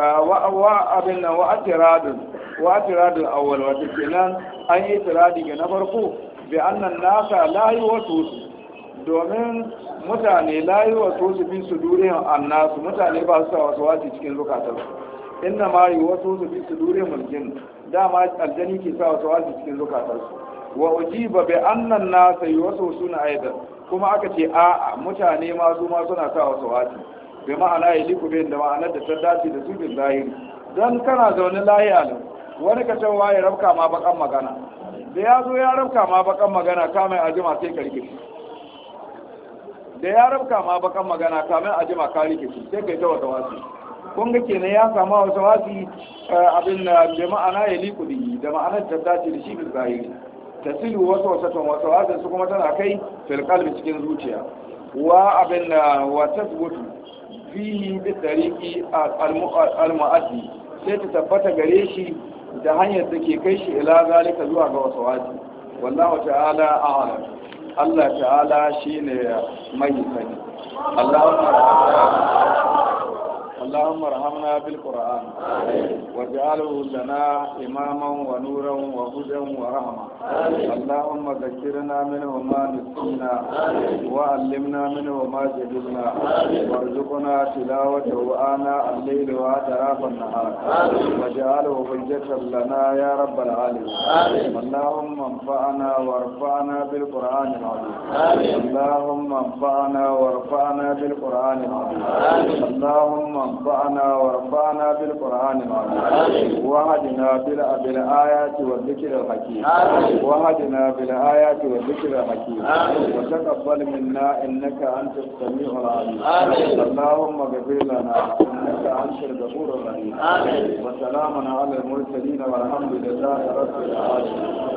wa abin nan wa atiradun wa atiradun awwal wato kenan an yi tiradi ga na farko bi annan nasa lahi wa tusu domin mutane lahi wa tusu bi su duriyan annasu mutane ba su sa wasu wasi cikin zukatar inna ma yi wasu su bi su duriyan mulkin dama aljani ke sa wasu wasi cikin zukatar wa ujiba bi annan nasa yi wasu suna aidan kuma aka ce a'a mutane ma su ma suna sa wasu wasi bi ma'ana ya liku bin da ma'anar da ta dace da su bin zahiri don kana zaune lahiya ne wani ka cewa ya rabka ma bakan magana da ya zo ya rabka ma bakan magana mai ajima sai ka rikici da ya rabka ma bakan magana mai ajima ka rikici sai ka yi ta wata wasu kun ga kenan ya sama wasu wasu eh, abin da bi ma'ana ya liku bihi da ma'anar da ta dace da shi bin zahiri tasiru wasu wasatan wasu wasu su kuma tana kai filkalbi cikin zuciya wa abin da wata gudu fihi bi tariqi al-mu'addi sai ta tabbata gare shi da hanyar da ke kai shi ila zalika zuwa ga wasu wasu wallahu ta'ala a'lam Allah ta'ala shine mai sani ta'ala. اللهم ارحمنا بالقرآن واجعله لنا إماما ونورا وهدى ورحمة اللهم ذكرنا منه ما نسينا وعلمنا منه ما جهلنا وارزقنا تلاوته آناء الليل واتراف النهار واجعله حجة لنا يا رب العالمين اللهم انفعنا وارفعنا بالقرآن العظيم اللهم انفعنا وارفعنا بالقرآن العظيم اللهم وانفعنا ورفعنا بالقرآن العظيم وهدنا بالآيات والذكر الحكيم وهدنا بالآيات والذكر الحكيم وتقبل منا إنك أنت السميع العليم اللهم اغفر لنا إنك أنت الغفور الرحيم وسلام على المرسلين والحمد لله رب العالمين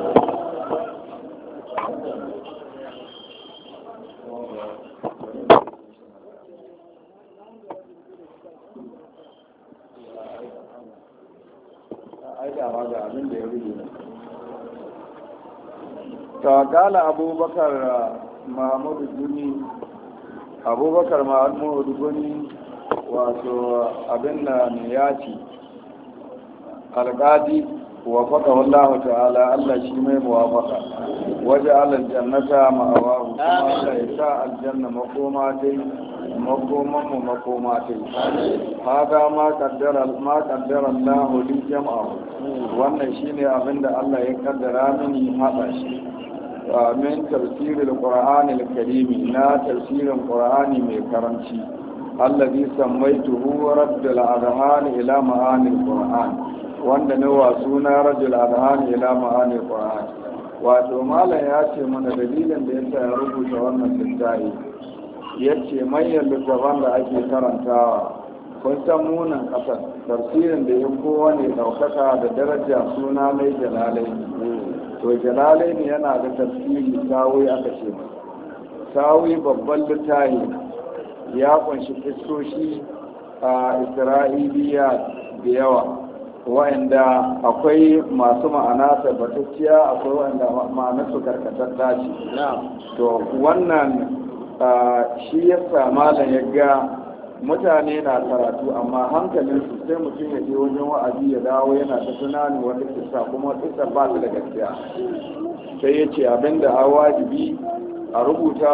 aikawa ga abin da ya rige ta kala abubakar uh, mahamudu duni abubakar mahamudu duni wato uh, abin da ya alƙadi wa faka wallahu ta'ala Allah shi mai muwafaka waje alal jannata ma'awahu kuma Allah ya sa aljanna makoma dai makoman mu makoma ce hada ma kaddara ma kaddara Allah li jama'a wannan shine abinda Allah ya kaddara mini hada shi min tafsirul qur'anil karim na tafsirin ƙur'ani mai karanci allazi sammaituhu raddul adhan ila ne qur'an wanda nawa suna raddul adhan ila ma'anil qur'an wato malam ya ce mana dalilin da yasa ya rubuta wannan littafi ya ce manyan littafan da ake karantawa kun san munin ƙasar tafsirin da ya ne ɗaukaka da daraja suna mai jalalai to jalalai ne yana da tafsiri sawi aka ce sawi babban littafi ya kunshi kistoshi a isra'iliya da yawa wa'anda akwai masu ma'ana tabbatacciya akwai wa'anda su karkatar tashi to wannan shi ya malam ya ga mutane na karatu amma hankalin su sai mutum ya je wajen wa'azi ya dawo yana ta tunani wani kisa kuma kisa ba da gaskiya sai ya ce abinda a wajibi a rubuta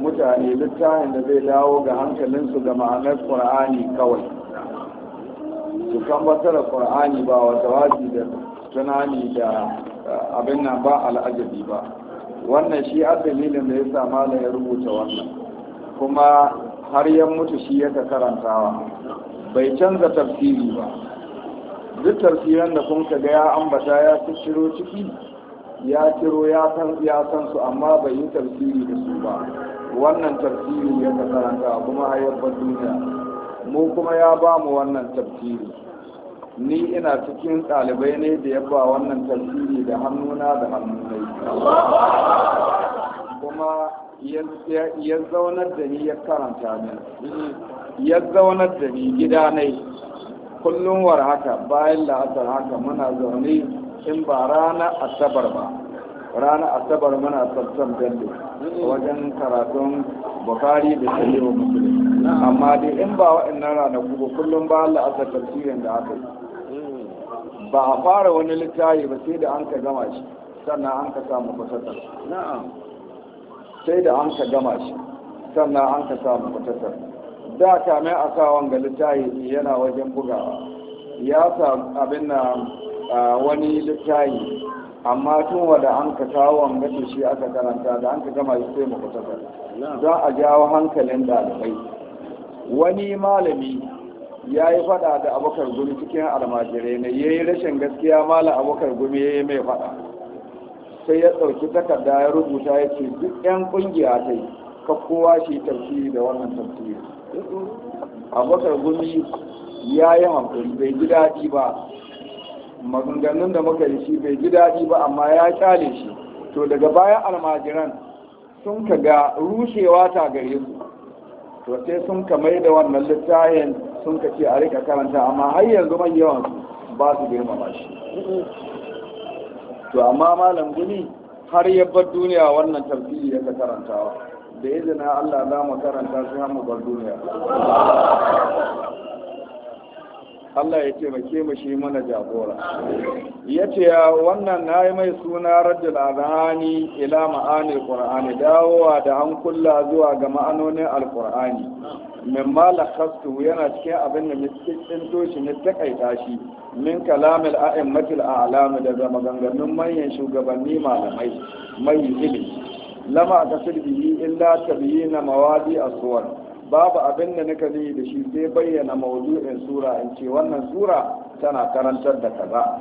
mutane littafin da zai dawo ga hankalinsu ga ma'anar qur'ani kawai su kan fassara qur'ani ba wata wajibi da tunani da abin nan ba al'ajabi ba wannan shi a dalilin da ya sama da ya rubuta wannan kuma har yan mutu shi yaka karantawa bai canza tafsiri ba duk tafsirin da kun ga ya ambata ya ciro ciki ya ciro ya san ya san su amma bai yi tafsiri da su ba wannan tafsiri ya karanta kuma hayar duniya mu kuma ya ba mu wannan tafsiri ni ina cikin ɗalibai ne da ya ba wannan tasiri da hannuna da hannunai kuma ya zaunar da ni ya karanta ni ya zaunar da ni gida ne kullum war haka bayan la'asar haka muna zaune in ba rana asabar ba rana asabar muna sassan gandu wajen karatun bukari da shari'a musulun amma da in ba na ranaku kuma kullum ba la'asar tasirin da aka yi ba a fara wani littafi ba sai da an ka gama shi sannan an ka samu kwatatar na'am sai da an ka gama shi sannan an ka samu fatatar da kamar a sa wanga littafi yana wajen bugawa ya samu abin na wani littafi amma tun wada an ka kawo wanga to shi aka karanta da an ka gama shi sai mu kwatatar za a jawo hankalin ɗalibai wani malami ya yi fada da abokar gumi cikin almajirai ne ya yi rashin gaskiya mala abokar gumi ya yi mai fada sai ya ɗauki takarda ya rubuta ya ce duk 'yan ƙungiya ta yi kakkowa kowa shi tafi da wannan tafi abokar gumi ya yi hankali bai ji daɗi ba maganganun da muka yi shi bai ji daɗi ba amma ya kyale shi to daga bayan almajiran sun ka ga rushewa ta gare su to sai sun ka mai da wannan littafin sun ka ce a rika karanta amma har yanzu man yawan su ba su ba shi to amma malam guni har ya bar duniya wannan tafsiri ya ka karantawa da izinin Allah za mu karanta sai har mu bar duniya Allah ya taimake mu shi mana jagora ya ce wannan na yi mai suna rajul azhani ila ma'anil Kur'ani. dawowa da hankula zuwa ga ma'anonin alqur'ani min malakastu yana cikin abin da miskin toshi ne takaita shi min kalamil a'immatil a'lam daga maganganun manyan shugabanni malamai mai ilimi lama aka illa tabyina mawadi as-suwar babu abin da nika yi da shi sai bayyana mawdu'in sura in ce wannan sura tana karantar da kaza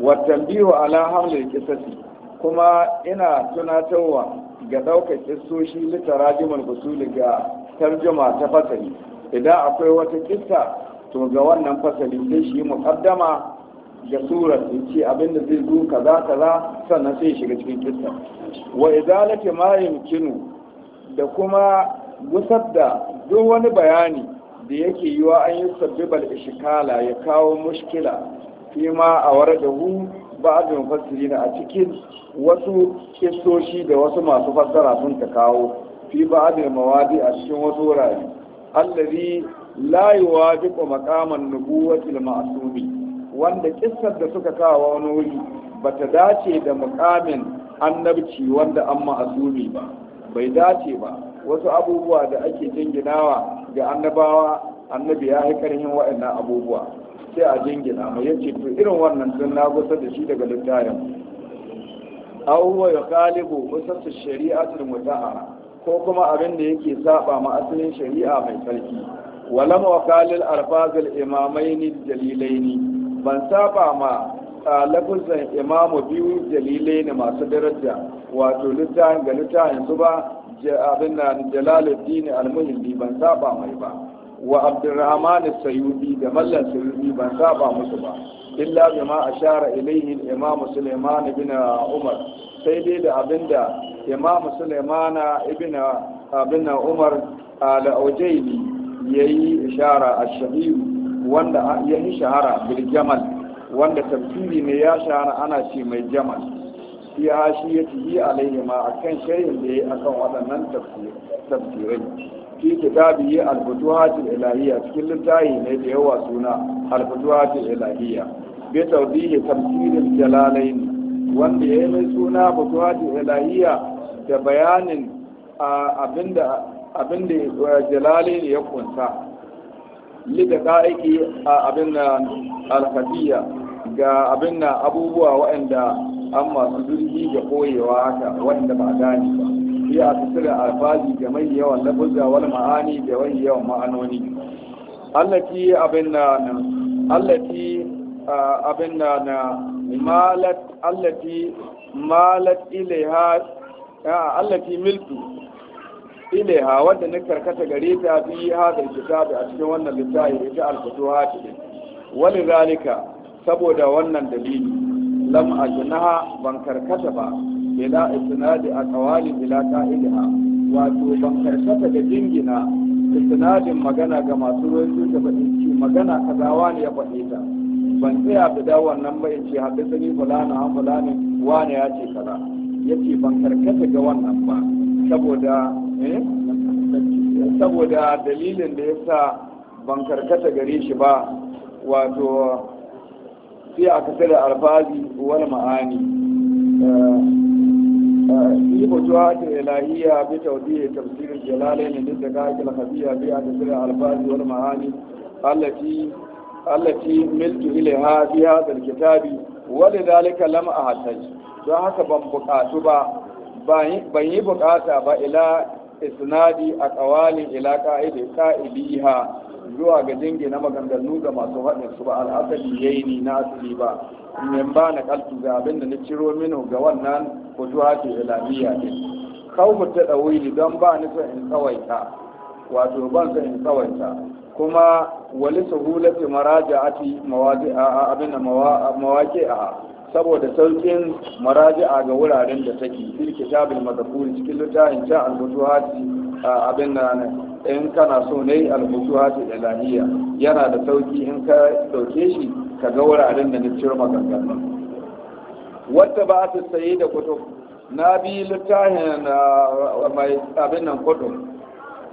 wa tanbihu ala hamlil qisasi kuma ina tunatarwa ga daukar kissoshi litarajimul usul ga tarjuma ta fasali idan akwai wata kissa to ga wannan fasali sai shi muqaddama ga sura in ce abin da zai zo kaza kaza sannan sai shiga cikin kissa wa idalati ma yumkinu da kuma gusar da duk wani bayani da yake yiwa an yi sabbibal ishikala ya kawo mushkila fi ma a waradahu hu ba a cikin wasu kistoshi da wasu masu fassara sun ta kawo fi ba'adun mawadi a cikin wasu wurare allazi la yuwajibu maqaman nubuwati al-ma'sumi wanda kissar da suka kawo wani wuri bata dace da muqamin annabci wanda an ma'sumi ba bai dace ba wasu abubuwa da ake jinginawa ga annabawa annabi ya yi karhin waɗannan abubuwa sai a jingina Mu yace to irin wannan sun na gusa da shi daga littafin abubuwa ya kalibu wasu shari'atul muta'a ko kuma abin da yake saba ma asalin shari'a mai sarki walam wakalil alfazil dalilai dalilaini ban saba ma lafizan imamu biyu ne masu daraja wato littafin ga littafin su ba abin na jalaluddin al-muhimmi ban saba mai ba wa abdurrahman as da mallan sayyidi ban saba musu ba illa bima ashara ilayhi al-imam sulaiman ibn umar sai dai da abinda imam sulaiman ibn abin umar al-aujaili yayi ishara ash-shahir wanda ya shahara bil jamal wanda tafsiri ne ya shahara ana ce mai jamal shi fi hashiyatihi alayhi ma kan sharhin da yayi akan waɗannan tafsirai fi kitabihi al-futuhat al-ilahiyya cikin littafi ne da yawa suna al-futuhat al-ilahiyya bi tawdihi tafsir al-jalalain wanda ya yi mai suna futuhat al-ilahiyya da bayanin abinda abinda jalalain ya kunsa lida a abin da khafiyya ga abin da abubuwa waɗanda an masu zurgi ga koyewa haka wanda ba gani ba fiye a tattara alfazi ga mai yawan lafuzza wani ma'ani da wani yawan ma'anoni allafi abin na allafi abin na na malat allafi malat ilaiha allati miltu ilaiha wadda na karkata gare ta fi hadar da a cikin wannan littafi ita alfatuha ta wani zalika saboda wannan dalili lam ajnaha Ina karkata ba bila isnadi aqwali bila ta'ilha wato ban karkata da jingina isnadin magana ga masu ruwan da baɗin ce magana kazawa ne ya faɗe ta ban tsaya da da wannan ba ce haddasa ni fulana an fulani wani ya ce kaza ya ce ban karkata ga wannan ba saboda saboda dalilin da ya sa ban karkata gare shi ba wato sai a kasar alfazi wal ma'ani fi eh, eh, hujjata ilahiyya bi tawdihi tafsir jalalain lil daqaiq al khafiyya bi da alfazi wal ma'ani allati allati miltu ilaha bi hadha al kitabi wa lidhalika lam ahtaj don haka ban bukatu ba ban yi bukata ba ila isnadi a kawali ila ka'idi ka'idiha zuwa ga na maganganu ga masu haɗin su ba al'asali yayi ni na asali ba min ba na kaltu ga abin da na ciro mino ga wannan kutuwa ce ilamiya ne kawu ta ɗawili don ba ni so in tsawaita wato ban so in tsawaita kuma wali suhulati maraja'ati mawadi a abin da mawaki'a saboda saukin maraji'a ga wuraren da take fil kitabul madhkur cikin littafin ta al-futuhati abin nan in kana so ne al-futuhati ilahiyya yana da sauki in ka dauke shi ka ga wuraren da na ciro maganganu wata ba ta saye da kutub na bi littafin mai abin nan kutub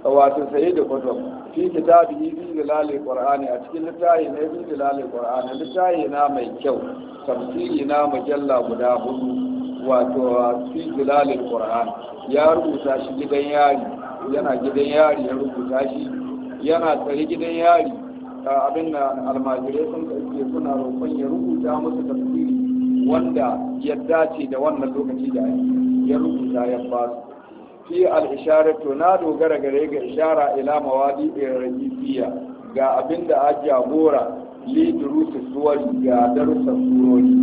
wato sai da kudu fi kitabi bi dilali qur'ani a cikin littafi ne bi dilali qur'ani littafi na mai kyau tafsiri na mujalla guda hudu wato fi dilali qur'ani ya rubuta shi gidan yari yana gidan yari ya rubuta shi yana tsari gidan yari abin da almajirai sun karfe suna roƙon ya rubuta musu tafsiri wanda ya dace da wannan lokaci da ya rubuta ya ba su fi al-ishara to na dogara gare ga ishara ila mawadi irrajiya ga abinda a jagora li durusi suwari ga darussan surori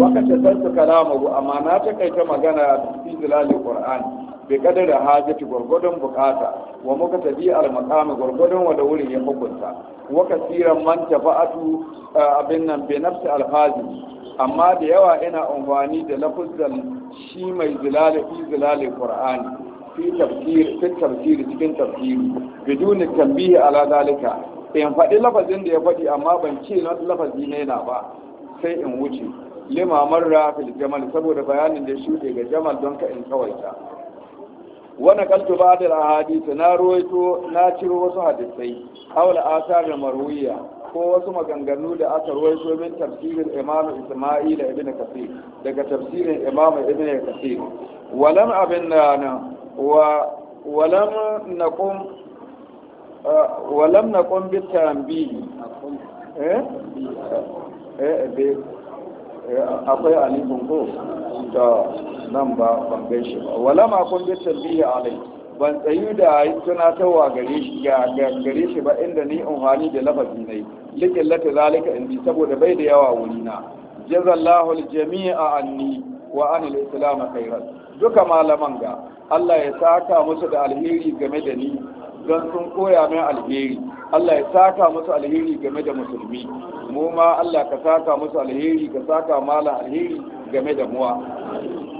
wakata sarta kalamahu amma na takaita magana fi zilalil qur'ani bi kadar hajati gwargwadon bukata wa muka tabi al-maqami gwargwadon wa da wurin ya hukunta Waka kasiran man tafa'atu abin nan bai nafsi alfazi, amma da yawa ina amfani da lafuzan shi mai zilali fi zilali qur'ani fi tafsir fi tafsir cikin tafsir bidun tambihi ala zalika in faɗi lafazin da ya faɗi amma ban ci na lafazi ne na ba sai in wuce lima marra fil jamal saboda bayanin da ya shuɗe ga jamal don ka in kawaita wani kaltu ba da hadisi na ruwaito na ciro wasu hadisai aula asarin marwiya ko wasu maganganu da aka rawaito min tafsirin imam Isma'il ibn Kathir daga tafsirin imam ibn Kathir walam abin na wa walam naqum uh, walam naqum bi tanbihi eh eh, eh akwai alifin ko da nan ba ban shi ba walam akun bi tanbihi alai ban tsayu da tunatarwa gare shi ga gare shi ba inda ni in hali da lafazi ne liqillati zalika indi saboda bai da yawa wurina jazallahu aljami'a anni wa anil islam khairan duka malaman ga Allah ya saka musu da alheri game da ni don sun koya min alheri Allah ya saka musu alheri game da musulmi mu ma Allah ka saka musu alheri ka saka mala alheri game da muwa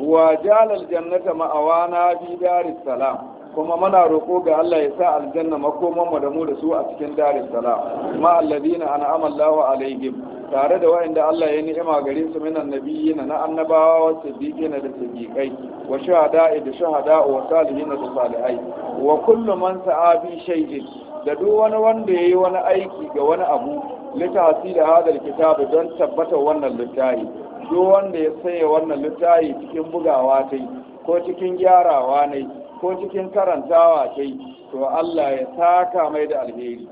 wa jalal jannata ma'awana bi daris salam kuma muna roƙo ga Allah ya sa aljanna makoman mu da mu da su a cikin darin salam ma alladina an'ama Allahu alaihim tare da wa'inda Allah ya ni'ima gare su minan nabiyina na annabawa wa siddiqina da siddiqai wa shuhada'i da shuhada'a wa salihina da salihai wa kullu man sa'a bi shay'in da duk wani wanda ya yi wani aiki ga wani abu litasi, da hadar kitabu don tabbatar wannan littafi duk wanda ya saye wannan littafi cikin bugawa tai ko cikin gyarawa ne ko cikin karantawa kai to Allah ya saka mai da alheri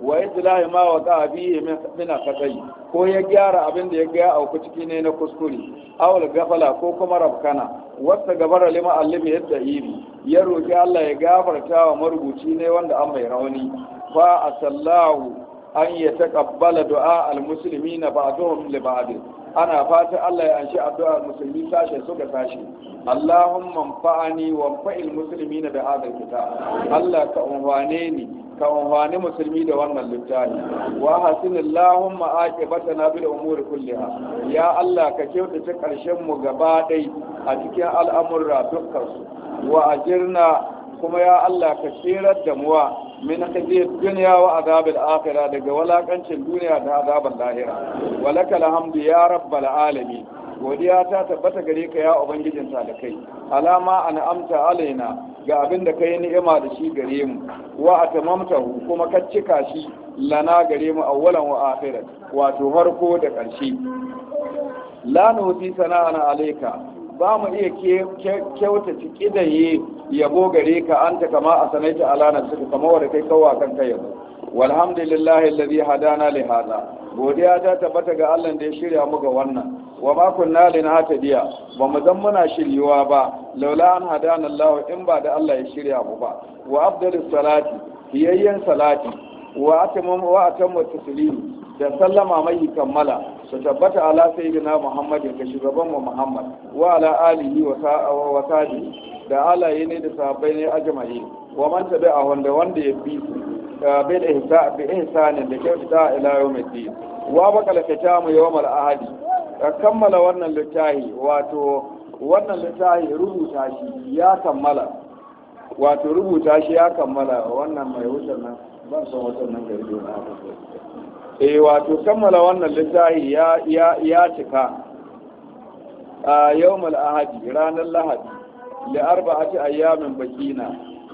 wa islahi ma wa qabi min ko ya gyara abin da ya ga auku ciki ne na kuskure awal gafala ko kuma rabkana wasta gabara lima allimi yadda iri ya roki Allah ya gafarta wa marubuci ne wanda an mai rauni fa asallahu an yataqabbala du'a almuslimina ba'dhum li ba'd ana fata Allah ya anshi addu'ar musulmi sashe suka sashe Allahumma fa'ani wa fa'il muslimina da hadal kitab Allah ka umfane ni ka musulmi da wannan littafi wa hasin Allahumma aqibatana bil umuri kulliha ya Allah ka kyautata karshen mu gaba dai a cikin al'amurra dukkan su wa ajirna kuma ya Allah ka tsirar da muwa min khizir dunya wa azabil akhirah daga walakancin duniya da azabin lahira walakal hamdu ya rabbal alamin godiya ta tabbata gare ka ya ubangijin kai. alama an amta alaina ga abin da kai ni'ima da shi gare mu wa atamamtahu kuma ka cika shi lana gare mu awwalan wa Afira wato farko da ƙarshe la nuti sana'ana alayka ba mu iya kyauta ci kidaye yabo gare ka an ta kama a sanaita alanar suka kama da kai kawo kan ka yabo Walhamdulillah, alladhi hadana li hada godiya ta tabbata ga Allah da ya shirya mu ga wannan wa ma kunna linahtadiya ba mu zan muna shiryuwa ba laula an hadana Allah in ba da Allah ya shirya mu ba wa afdalus salati hiyayyan salati wa atamu wa atamu da sallama mai kammala su tabbata ala sayyidina muhammadin ka shugaban mu muhammad wa ala alihi wa sa'awa wa sadi da alaye ne da sahabbai ne ajma'i wa man a wanda wanda ya bi su bai da ihsanin da kyautata ila yawmiddin wa baqala kitamu yawmal ahadi kammala wannan littahi wato wannan littahi rubuta shi ya kammala wato rubuta shi ya kammala wannan mai wutar nan ban san wutar nan gari na haka eh wato kammala wannan littafi ya ya ya cika a yawmal ahadi ranar lahadi da arba'ati ayyamin bakina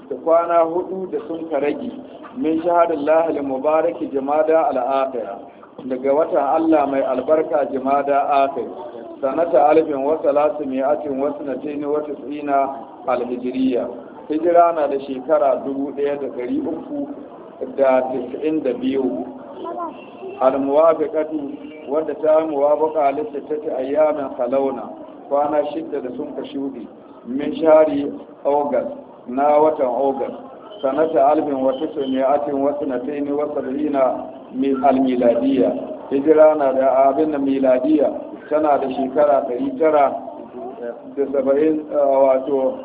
da kwana hudu da sun ka rage min shahadin lahal mubaraki jama'a al'akhirah daga wata Allah mai albarka jama'a akhir sanata alfin wa salasimiyatin wa na wa tis'ina al-hijriya hijira na da shekara 1392 almuwafiqatu wanda ta muwafaqa littati ayyamin khalawna kwana shidda da sun kashudi min shari august na watan august sanata alfin wa tis'mi'atin wa sanatayn wa sab'ina min almiladiyya hijira na da abin miladiyya tana da shekara da 970 wato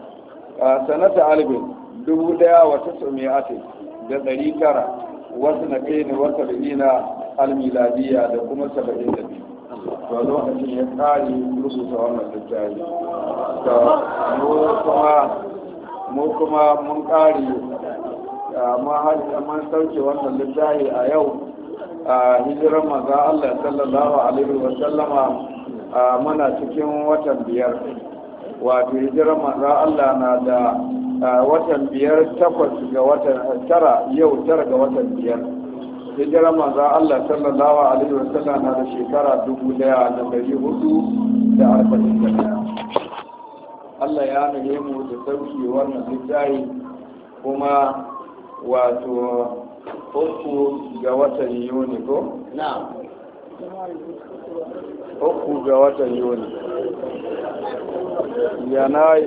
sanata albin dubu daya wa tis'mi'atin da ɗari tara wasu na kai ne wasu da ina almiladiya da kuma saba'in da biyu to lokacin ya kare rubuta wannan littafi to mu kuma mu kuma mun kare amma har mun sauke wannan littafi a yau a hijiran maza Allah sallallahu alaihi wa sallama muna cikin watan biyar wato hijiran maza Allah na da watan biyar takwas ga watan tara yau tara ga watan biyar hijirar manzan Allah sallallahu alaihi wa sallam na da shekara dubu daya da dari hudu da arba'in da daya Allah ya nuna mu da sauki wannan littafi kuma wato uku ga watan yuni ko? uku ga watan yuni yanayi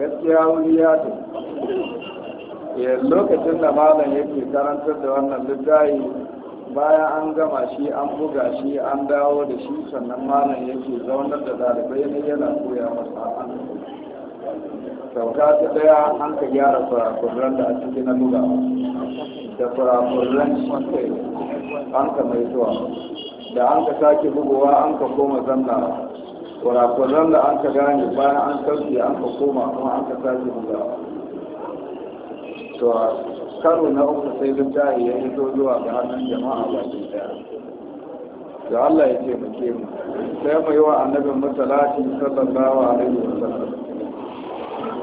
gaskiya wuri ya ta eh, lokacin da malam yake karantar da wannan littafi bayan an gama shi an buga shi an dawo da shi sannan malam yake zaunar da ɗalibai na yana koya masa an sauka ta daya an ka gyara kurakuran da a cikin na buga da kurakuran an ka mai zuwa da an ka sake bugowa an ka koma zanna kurakuran da an ka gane bayan an karfi an ka koma kuma an ka sake buga to karo na uku sai jahi ya hito zuwa ga hannun jama'a ba ke da Allah ya ce mu ke mu sai mu yi wa annabin masalati sallallahu alaihi wasallam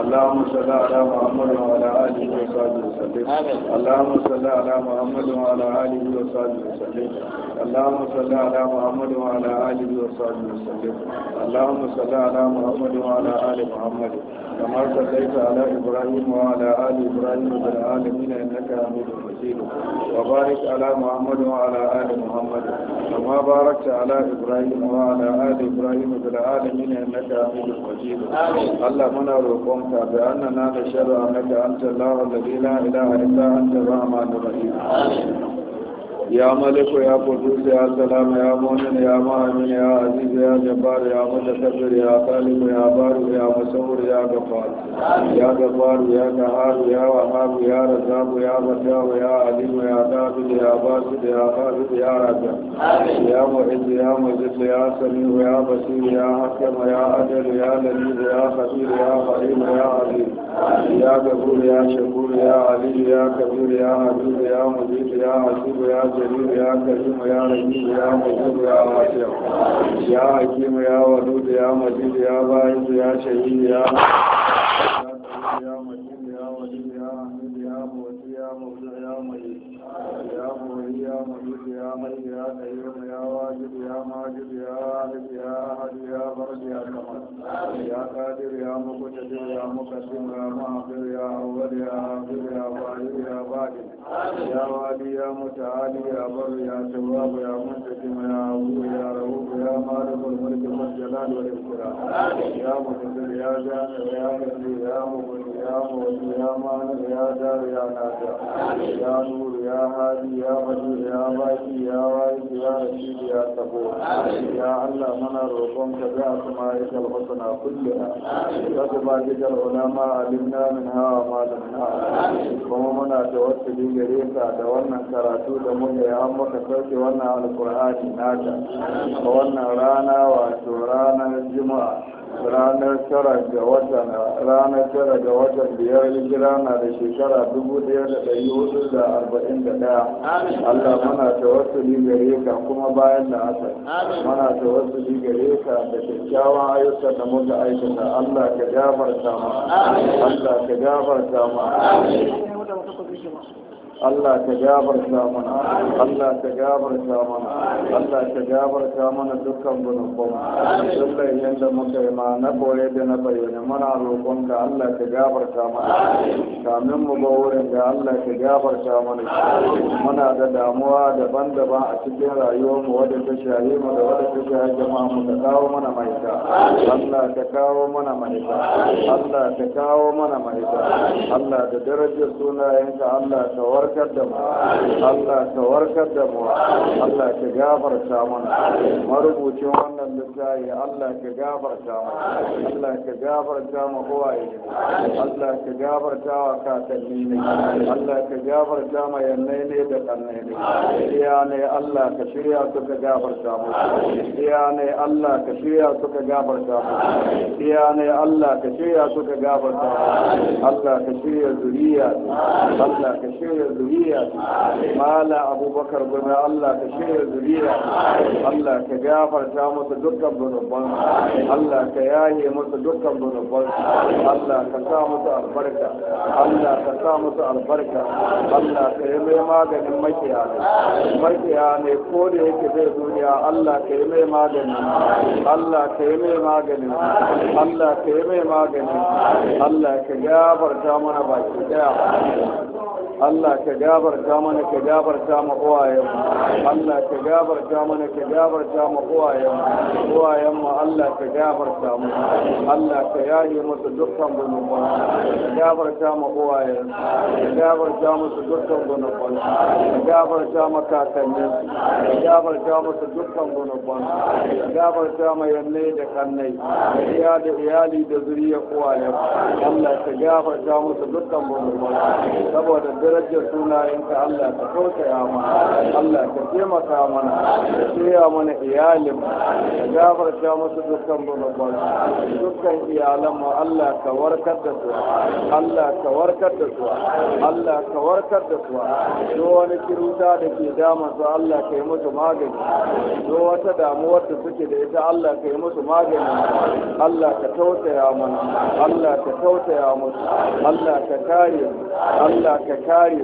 اللهم صل على محمد وعلى آله وصحبه وسلم اللهم صل على محمد وعلى آله وصحبه وسلم اللهم صل على محمد وعلى آله وصحبه وسلم اللهم صل على محمد وعلى اله محمد كما صليت على إبراهيم وعلى آل إبراهيم في العالمين إنك حميد مجيد وبارك على محمد وعلى آل محمد كما باركت على إبراهيم وعلى آل إبراهيم في العالمين إنك حميد مجيد اللهم نور روحهم أعلمك بأننا نشهد أنك أنت الله الذي لا إله إلا أنت الرحمن الرحيم آمين یا ملک یا قدوس یا سلام یا مومن یا مامن یا عزیز یا جبار یا متکبر یا طالب یا بار یا مصور یا غفار یا غفار یا قهار یا وهاب یا رزاق یا رجاء یا علیم یا عذاب یا عباس یا خالد یا رجاء یا معز یا مجد یا سمیع یا بصیر یا حکم یا عدل یا لطیف یا خبیر یا قریب یا عظیم یا غفور یا شکور یا علی یا کبیر یا عزیز یا مجید یا حسیب یا جليل يا كريم يا رحيم يا مجيد يا واسع يا حكيم يا ودود يا مجيد يا باعث يا شهيد يا يا مجيد يا وليد يا حميد يا مؤتي يا مبدع يا مجيد يا مولي يا مجيد يا حي يا قيوم يا واجد يا ماجد يا عارف يا احد أرض يا كمال يا قادر يا مقتدر يا مقسم يا معبر يا أول يا آخر يا ظاهر يا باطن يا والي يا متعالي يا بر يا تواب يا منتقم يا عفو يا رؤوف يا مالك الملك والجلال والإكرام يا مقتدر يا جامع يا مدي يا مغني يا مولي يا مانع يا دار يا نافع يا نور يا هادي يا بديع يا باقي يا وارث يا رشيد يا صبور يا الله منا روحك يا أسمائك الحسنى كلها وتبارك العلماء علمنا منها وما لم نعلم ومنا توسلي إليك دوانا كراتو دمون يا أمك سوك وانا على القران ناجا وانا رانا وشورانا الجمعه ranar tara ga watan biyar hijira na da shekara dubu daya da ɗari hudu da arba'in da ɗaya Allah muna tawassuli gare ka kuma bayan da asar muna tawassuli gare ka da kyakkyawan ayyukan da muka aikata Allah ka gafarta mu Allah ka gafarta Allah ka gabarta mana Allah ka gabarta mana Allah ka gabarta mana dukkan gunubban dukkan yadda muka yi ma na boye da na bayyana mana roƙon ka Allah ka gabarta mana kamin mu ba wurin da Allah ka gabarta mana muna da damuwa daban-daban a cikin rayuwar mu wadda ta shahi mu da wadda ta shahi jama'a mu ka kawo mana mahita Allah ka kawo mana mahita Allah ka kawo mana mahita Allah da darajar sunayenka Allah ka warkar وركدم الله توركدم الله كجافر شامن مربو جوان اللجاي الله كجافر شامن الله كجافر شامن هو الله كجافر شامن كاتلني الله كجافر شامن ينيني دقنيني يعني الله كشريا كجافر شامن يعني الله كشريا كجافر شامن يعني الله كشريا كجافر شامن الله كشريا زريا الله كشريا zuriya mala abubakar gumi Allah ka shirya zuriya Allah ka gafarta musu dukkan bunubban Allah ka yaye musu dukkan bunubban Allah ka sa musu albarka Allah ka sa musu albarka Allah ka yi mai maganin makiya makiya ne ko da yake zai duniya Allah ka yi mai maganin Allah ka yi mai maganin Allah ka yi mai maganin Allah ka gafarta mana baki daya Allah ka gabarta mana ka gabarta ma uwayen Allah ka gabarta mana ka gabarta ma uwayen uwayen mu Allah ka gabarta mu Allah ka yaye musu dukkan gunubban ka gabarta ma uwayen ka gabarta musu dukkan gunubban ka gabarta ma kakanni ka gabarta musu dukkan gunubban ka gabarta ma yanne da kannai da da iyali da zuriya uwayen Allah ka gabarta musu dukkan gunubban saboda darajar sunayenka Allah ka kautaya mana Allah ka taimaka mana ka tsaya mana iyalin ka gafarta musu dukkan babban dukkan iyalan mu Allah ka warkar da su Allah ka warkar da su Allah ka warkar da su duk wani kiruta da ke dama su Allah ka yi musu magani do wata damuwar da suke da ita Allah ka yi musu magani Allah ka tausaya mana Allah ka tausaya musu Allah ka kare Allah ka kare جاري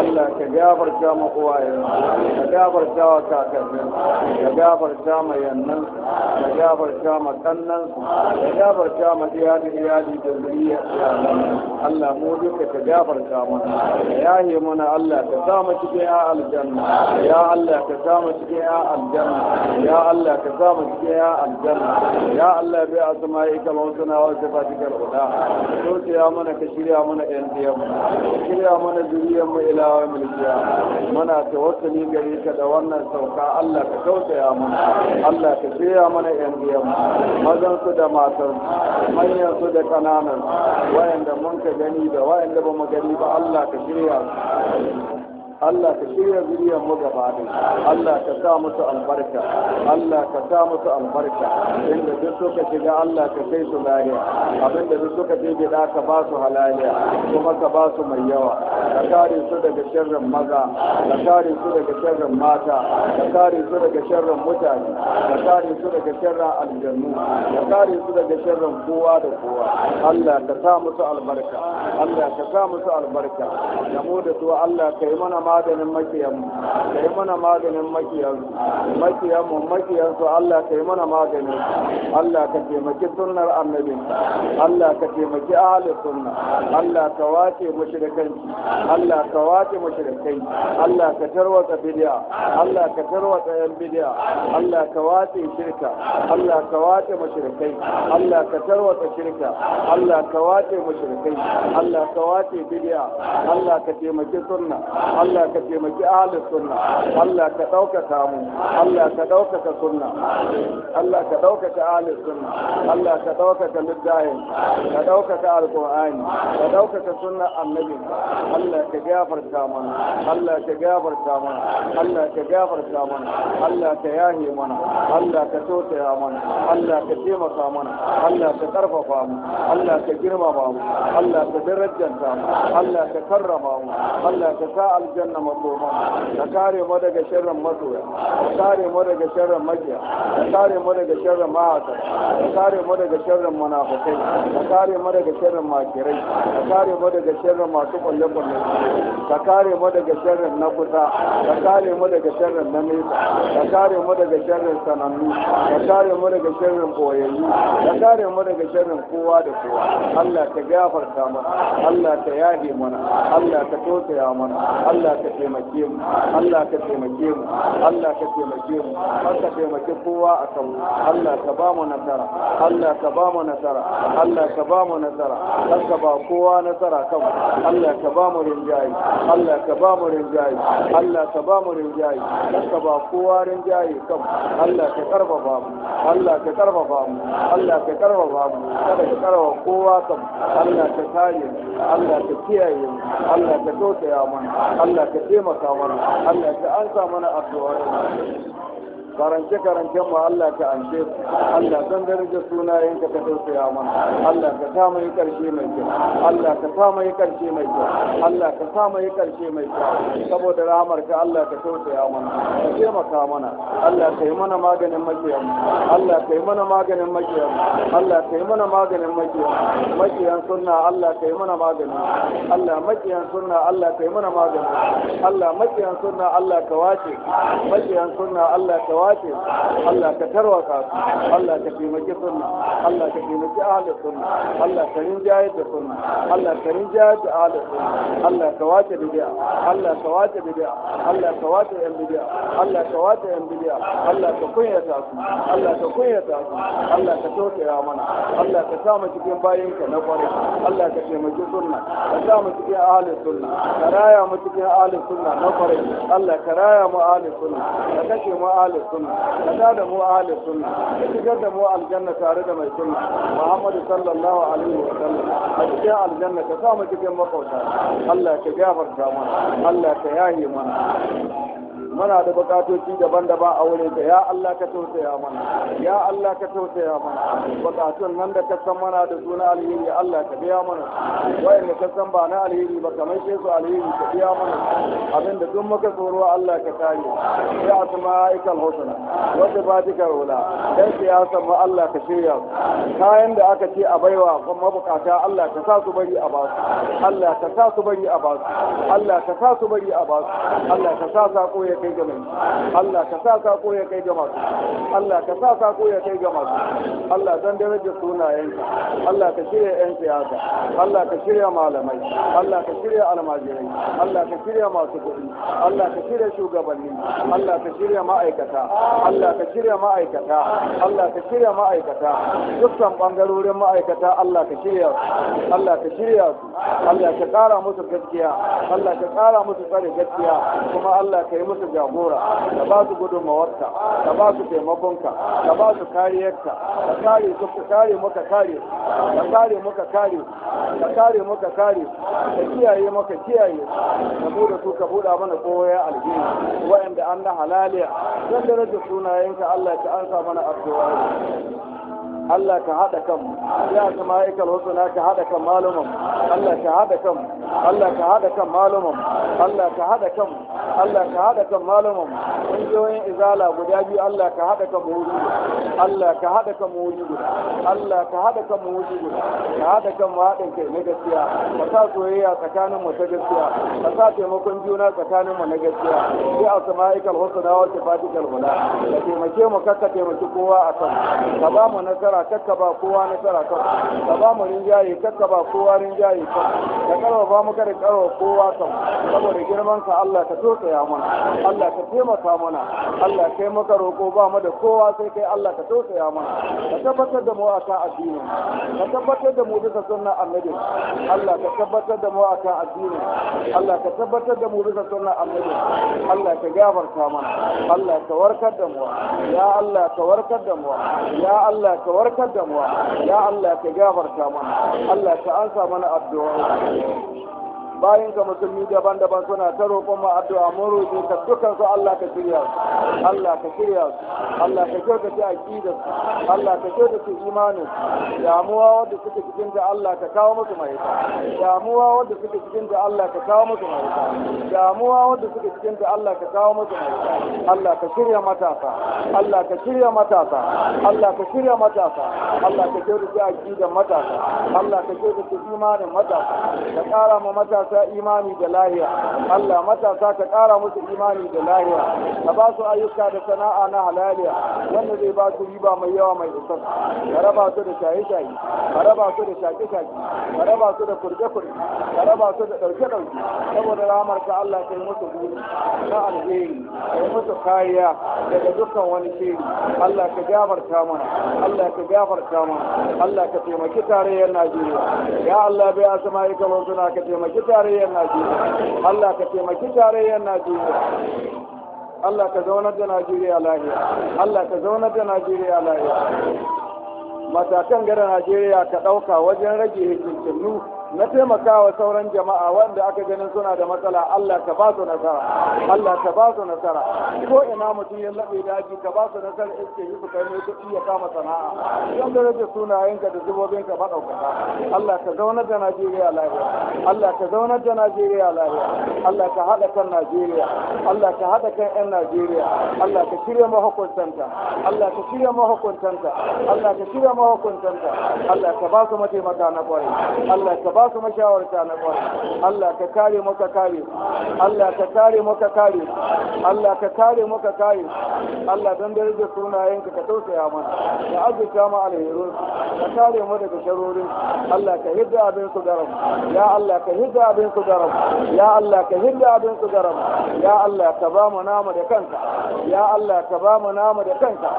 الله كجابر جام قوايا كجابر جام كاكن كجابر جام ينن كجابر جام كنن كجابر جام ديادي ديادي جزرية الله موجود كجابر جام يا يمنا الله كجام تجيء الجنة يا الله كجام تجيء الجنة يا الله كجام تجيء الجنة يا الله بأسمائك الحسنى وصفاتك العلى توتي يا من كشري يا من انت يا من كشري يا من mana zuriyar mu ila wa milkiya muna tawakkali gare ka da wannan sauka Allah ka tausaya mana Allah ka jiya mana yan biyan mazan su da matar manyan su da kananan wayanda mun ka gani da wayanda ba mu gani ba Allah ka jiya Allah ka shirya zuriyar mu gaba Allah ka sa musu albarka Allah ka sa musu albarka inda duk suka shiga Allah ka kai su lahiya abinda duk suka je gida ka ba su halaliya kuma ka ba su mai yawa ka kare su daga sharrin maza ka kare su daga sharrin mata ka kare su daga sharrin mutane ka kare su daga sharrin aljannu ka kare su daga sharrin kowa da kowa Allah ka sa musu albarka Allah ka sa musu albarka da mu da su Allah ka yi mana maganin makiyanmu ka yi mana maganin makiyanmu makiyanmu makiyansu Allah ka yi mana maganin Allah ka taimaki sunnar annabin Allah ka taimaki ahli sunna Allah ka wace mushrikan Allah ka wace mushrikai Allah ka tarwatsa bid'a Allah ka tarwatsa yan bid'a Allah ka wace shirka Allah ka wace mushrikai Allah ka tarwatsa shirka Allah ka wace mushrikai Allah ka wace bid'a Allah ka taimaki sunna Allah Allah ka taimaki ahlus sunna Allah ka ɗaukaka mu Allah ka ɗaukaka sunna Allah ka ɗaukaka ahlus sunna Allah ka ɗaukaka littafin ka ɗaukaka alqur'ani ka ɗaukaka sunna annabin, Allah ka gafarta mana Allah ka gafarta mana Allah ka gafarta mana Allah ka yahi mana Allah ka tausaya mana Allah ka taimaka mana Allah ka karfafa mu Allah ka girmama mu Allah ka darajanta mu Allah ka karrama mu Allah ka sa aljanna aljanna makoma ka kare mu daga sharrin masoya ka kare mu daga sharrin majiya, ka kare mu daga sharrin mahaka ka kare mu daga sharrin munafikai ka kare mu daga sharrin makirai ka kare mu daga sharrin masu kwalle kwalle ka kare mu daga sharrin na kusa ka kare mu daga sharrin na nesa ka kare mu daga sharrin sanannu ka kare mu daga sharrin boyayyu ka kare mu daga sharrin kowa da kowa Allah ta gafarta mana Allah ta yahe mana Allah ta tosaya mana Allah ka taimake mu Allah ka taimake mu Allah ka taimake mu ka taimake kowa a kan Allah ka ba mu nasara Allah ka ba mu nasara Allah ka ba mu nasara kar ka ba kowa nasara kan Allah ka ba mu rinjaye Allah ka ba mu rinjaye Allah ka ba mu rinjaye kar ka ba kowa rinjaye kan Allah ka karfafa mu Allah ka karfafa mu Allah ka karfafa mu kada ka karfafa kowa kan Allah ka kare mu Allah ka kiyaye mu Allah ka tausaya mana Allah Allah ka taimaka mana Allah ka ansa mana addu'a karance karance mu Allah ka anshe Allah san darajar sunayen ka ka tausaya mana Allah ka sa mai yi karshe mai kyau Allah ka sa mai yi karshe mai kyau Allah ka sa mai yi karshe mai kyau saboda rahmar ka Allah ka tausaya mana ka taimaka mana Allah ka yi mana maganin makiyan Allah ka yi mana maganin makiyan Allah ka yi mana maganin makiyan makiyan sunna Allah ka yi mana maganin Allah makiyan sunna Allah ka yi mana maganin Allah makiyan sunna Allah ka wace makiyan sunna Allah ka wace wace Allah ka tarwaka su Allah ka taimaki sunna Allah ka taimaki ahli sunna Allah ka rinjaye da sunna Allah ka rinjaye da ahli sunna Allah ka wace bid'a Allah ka wace bid'a Allah ka wace yan bid'a Allah ka wace yan bid'a Allah ka kunyata su Allah ka kunyata su Allah ka ya mana Allah ka sa mu cikin ka na kwari Allah ka taimaki sunna ka sa mu cikin ahli sunna ka raya mu cikin ahli sunna na kwari Allah ka raya mu ahli sunna ka kashe mu ahli sunna sunna ka da mu ahli sunna ka shigar da mu aljanna tare da mai sunna muhammadu sallallahu alaihi wa sallam a cikin aljanna ka sa mu cikin makauta Allah ka gafarta mana Allah ka yahi mana muna da bukatoci daban-daban a wurin ka ya Allah ka tausaya mana ya Allah ka tausaya mana bukatun nan da ka san mana da suna alheri Allah ka biya mana wayanda ka san ba na alheri ba kamar shi su alheri ka biya mana abin da duk muka tsoro Allah ka kare ya asma ikal husna wata sifatika al karola dan siyasa ba Allah ka shirya kayan da aka ce a baiwa kuma mabukata Allah ka sa su bari a basu Allah ka sa su bari a basu Allah ka sa su bari a basu Allah ka sa sako ya kai ga mai Allah ka sa sako koya kai ga masu Allah ka sa sako koya kai ga masu Allah dan daraja sunayenka Allah ka shirya yan siyasa Allah ka shirya malamai Allah ka shirya almajirai Allah ka shirya masu kuɗi Allah ka shirya shugabanni Allah ka shirya ma'aikata Allah ka shirya ma'aikata Allah ka shirya ma'aikata dukkan bangarorin ma'aikata Allah ka shirya su Allah ka shirya su Allah ka ƙara musu gaskiya Allah ka ƙara musu tsare gaskiya kuma Allah ka yi musu jagora ka ba su mawarta ka ba su taimakonka ka ba su kariyarka ka kare su ka kare maka kare ka kare maka kare ka kare maka kare ka kiyaye maka kiyaye ka bude su ka buda mana koyar aljihu wa'anda an na halaliya zan daraja sunayenka Allah ka ansa mana addu'a Allah ka haɗa kan ya ta ma'aikal husna ka haɗa kan malumam Allah ka haɗa kan Allah ka haɗa kan malumam Allah ka haɗa kan Allah ka haɗa kan malumam ƙungiyoyin izala guda biyu Allah ka haɗa kan wuri Allah ka haɗa kan mu guda Allah ka haɗa kan mu guda ka haɗa kan haɗin kai na gaskiya ka sa soyayya tsakanin mu ta gaskiya ka sa taimakon juna tsakanin mu na gaskiya sai a sama'ikal husna wa tafatikal hula ka taimake mu kakka taimaki kowa a kan ka ba mu nasara nasara kakka ba kowa nasara kan ka ba mu rinjaye kakka ba kowa rinjaye kan ka ba mu kare karfafa kowa kan saboda girman ka Allah ka tausaya mana Allah ka taimaka mana Allah kai maka roko ba mu da kowa sai kai Allah ka tausaya mana ka tabbatar da mu a kan addini ka tabbatar da mu bisa sunna annabi Allah ka tabbatar da mu a kan addini Allah ka tabbatar da mu bisa sunna annabi Allah ka gafarta mana Allah ka warkar da mu ya Allah ka warkar da mu ya Allah ka warkar warkar da mu ya Allah ka gafarta mana Allah ka ansa mana addu'a bayan ka musulmi daban-daban suna ta roƙon mu addu'a mun roƙe ka dukkan su Allah ka shirya su Allah ka shirya su Allah ka kyautace aqida su Allah ka kyautace imani damuwa wanda suke cikin Allah ka kawo musu mahita damuwa wanda suke cikin ta Allah ka kawo musu mahita damuwa wanda suke cikin Allah ka kawo musu mahita Allah ka shirya matasa Allah ka shirya matasa Allah ka shirya matasa Allah ka kyautace aqidan matasa Allah ka kyautace imanin matasa ka ƙara ma matasa matasa imani da lahiya Allah matasa ka ƙara musu imani da lahiya ka ba su ayyuka da sana'a na halaliya wanda zai ba su riba mai yawa mai isar ka raba su da shaye-shaye ka raba su da shaƙe-shaƙe ka raba su da kurje-kurje ka raba su da ɗauke-ɗauke saboda ramar ka Allah kai musu gudu na alheri kai musu kariya daga dukkan wani shiri Allah ka gafarta mana Allah ka gafarta mana Allah ka taimaki tarayyar Najeriya ya Allah bai asama yi kamar suna ka taimaki tarayyar tarayyar Najeriya Allah ka taimaki tarayyar Najeriya Allah ka zauna da Najeriya lahiya Allah ka zauna da Najeriya lahiya matakan gara Najeriya ka ɗauka wajen rage hikincin na taimakawa sauran jama'a wanda aka ganin suna da matsala Allah ka ba su nasara Allah ka ba su nasara ko ina mutum ya labe daji ka ba su nasara iske yi su kai mai iya kama sana'a don da rage sunayenka da zubobinka maɗaukaka Allah ka zaunar da Najeriya lafiya Allah ka zaunar da Najeriya lafiya Allah ka hada kan Najeriya Allah ka hada kan 'yan Najeriya Allah ka shirya mahukuntanta Allah ka shirya mahukuntanta Allah ka shirya mahukuntanta Allah ka ba su mataimaka na kwarai Allah ka ba ba mashawarta na kwarai Allah ka kare mu ka kare Allah ka kare mu ka kare Allah ka kare mu ka kare Allah dan da rage sunayenka ka tausaya mana ka azurta mu alherun ka kare mu daga sharorin Allah ka hidda abin su garam ya Allah ka hidda abin su garam ya Allah ka hidda abin su garam ya Allah ka ba mu nama da kanka ya Allah ka ba mu nama da kanka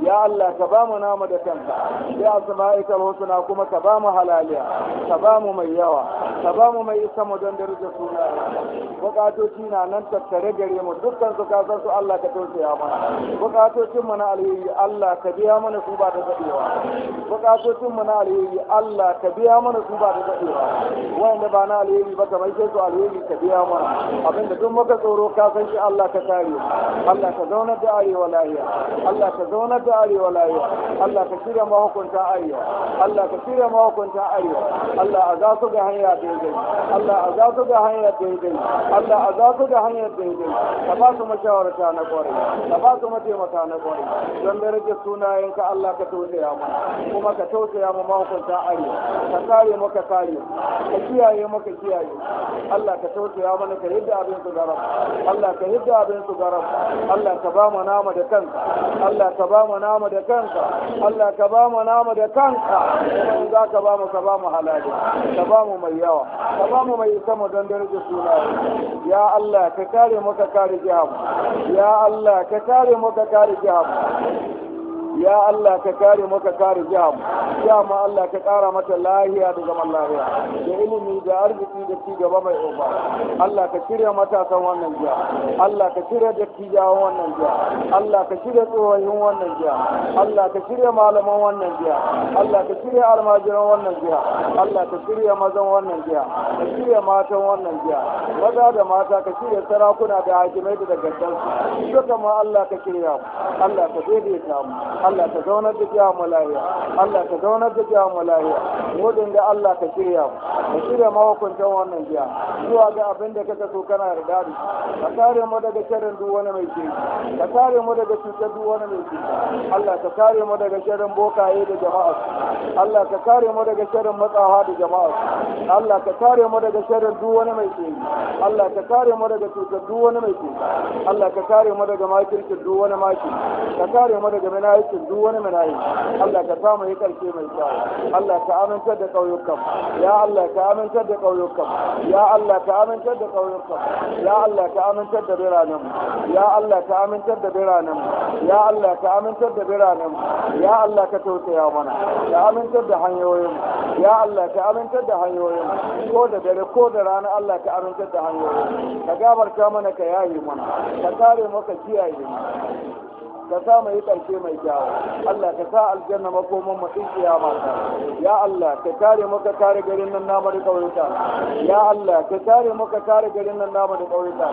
ya Allah ka bamu mu nama da kanka ya asma'ika husna kuma ka bamu mu halaliya ka bamu mai yawa ka bamu mai isa mu don daraja suna bukatoci na nan tattare gare mu dukkan su ka su Allah ka tausaya mana bukatocin mu na alheri Allah ka biya mana su ba da dadewa bukatocin mu na alheri Allah ka biya mana su ba da dadewa wanda ba na alheri ba ka mai su alheri ka biya mana abinda duk muka tsoro ka san shi Allah ka kare Allah ka zauna da arewa lahiya Allah ka zauna da mahukunta arewa Allah ka shirya mahukunta arewa Allah ka shirya mahukunta arewa Allah a za su ga hanya daidai Allah a za su ga hanya daidai Allah a za su ga hanya daidai ka ba su mashawarta na kwarai ka ba su mataimaka na kwarai don sunayen ka Allah ka tausaya mu. kuma ka tausaya ma mahukunta arewa ka kare mu ka kare ka kiyaye mu ka kiyaye Allah ka tausaya mana ka yadda abin su garam Allah ka yadda abin su garam Allah ka ba mu nama da kanka Allah ka ba mu nama da kanka Allah ka ba mu nama da kanka kuma in za ka ba mu ka ba mu halali ka ba mu mai yawa ka ba mu mai sama don daraja suna ya Allah ka kare mu ka kare jihar ya Allah ka kare mu ka kare jihar ya Allah ka kare mu ka kare jihar ya ma Allah ka kara mata lahiya da zaman lahiya da ilimi da arziki da ci gaba mai uba Allah ka shirya matasan wannan jiha Allah ka shirya dattijawan wannan jiha Allah ka shirya tsohon wannan jiha Allah ka shirya malaman wannan jiha Allah ka shirya almajiran wannan jiha Allah ka shirya mazan wannan jiha ka shirya matan wannan jiha maza da mata ka shirya sarakuna da hakimai da daggantarsu duka ma Allah ka shirya mu Allah ka daidaita mu Allah ka zaunar da jiya mu Allah ka zaunar da jiya mu lahiya mudin da Allah ka shirya mu ka shirya hukuncin wannan jiya zuwa ga abin da kake so kana da dadi ka kare mu daga sharrin duk wani mai shiri ka kare mu daga cutar duk wani mai shiri Allah ka kare mu daga sharrin bokaye da jama'a Allah ka kare mu daga sharrin matsawa da jama'a Allah ka kare mu daga sharrin duk wani mai shiri Allah ka kare mu daga cutar duk wani mai shiri Allah ka kare mu daga makircin duk wani maki ka kare mu daga minayicin yakin duk wani manayi Allah ka samu yi karshe mai kyau Allah ka amintar da ya Allah ka amintar da ya Allah ka da ya Allah ka da biranen ya Allah ka da biranen ya Allah ka da biranen ya Allah ka tausaya mana ka amintar da hanyoyin ya Allah ka amintar da hanyoyin ko da dare ko da rana Allah ka da hanyoyin ka gabarta mana ka yayi mana ka maka kiyaye mu ka sa mai karshe mai kyawu Allah ka sa aljanna makoman mu din kiyama ta ya Allah ka kare mu ka kare garin nan namu da kauyuka ya Allah ka kare mu ka kare garin nan namu da kauyuka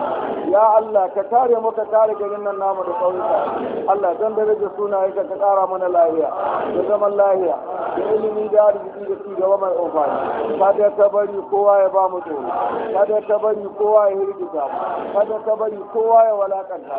ya Allah ka kare mu ka kare garin nan namu da kauyuka Allah dan da rage sunaye ka kara mana lafiya da zaman lafiya da ilimi da arziki da ci gaba mai amfani kada ka bari kowa ya ba mu tsoro kada ka bari kowa ya hirgita kada ka bari kowa ya walakanta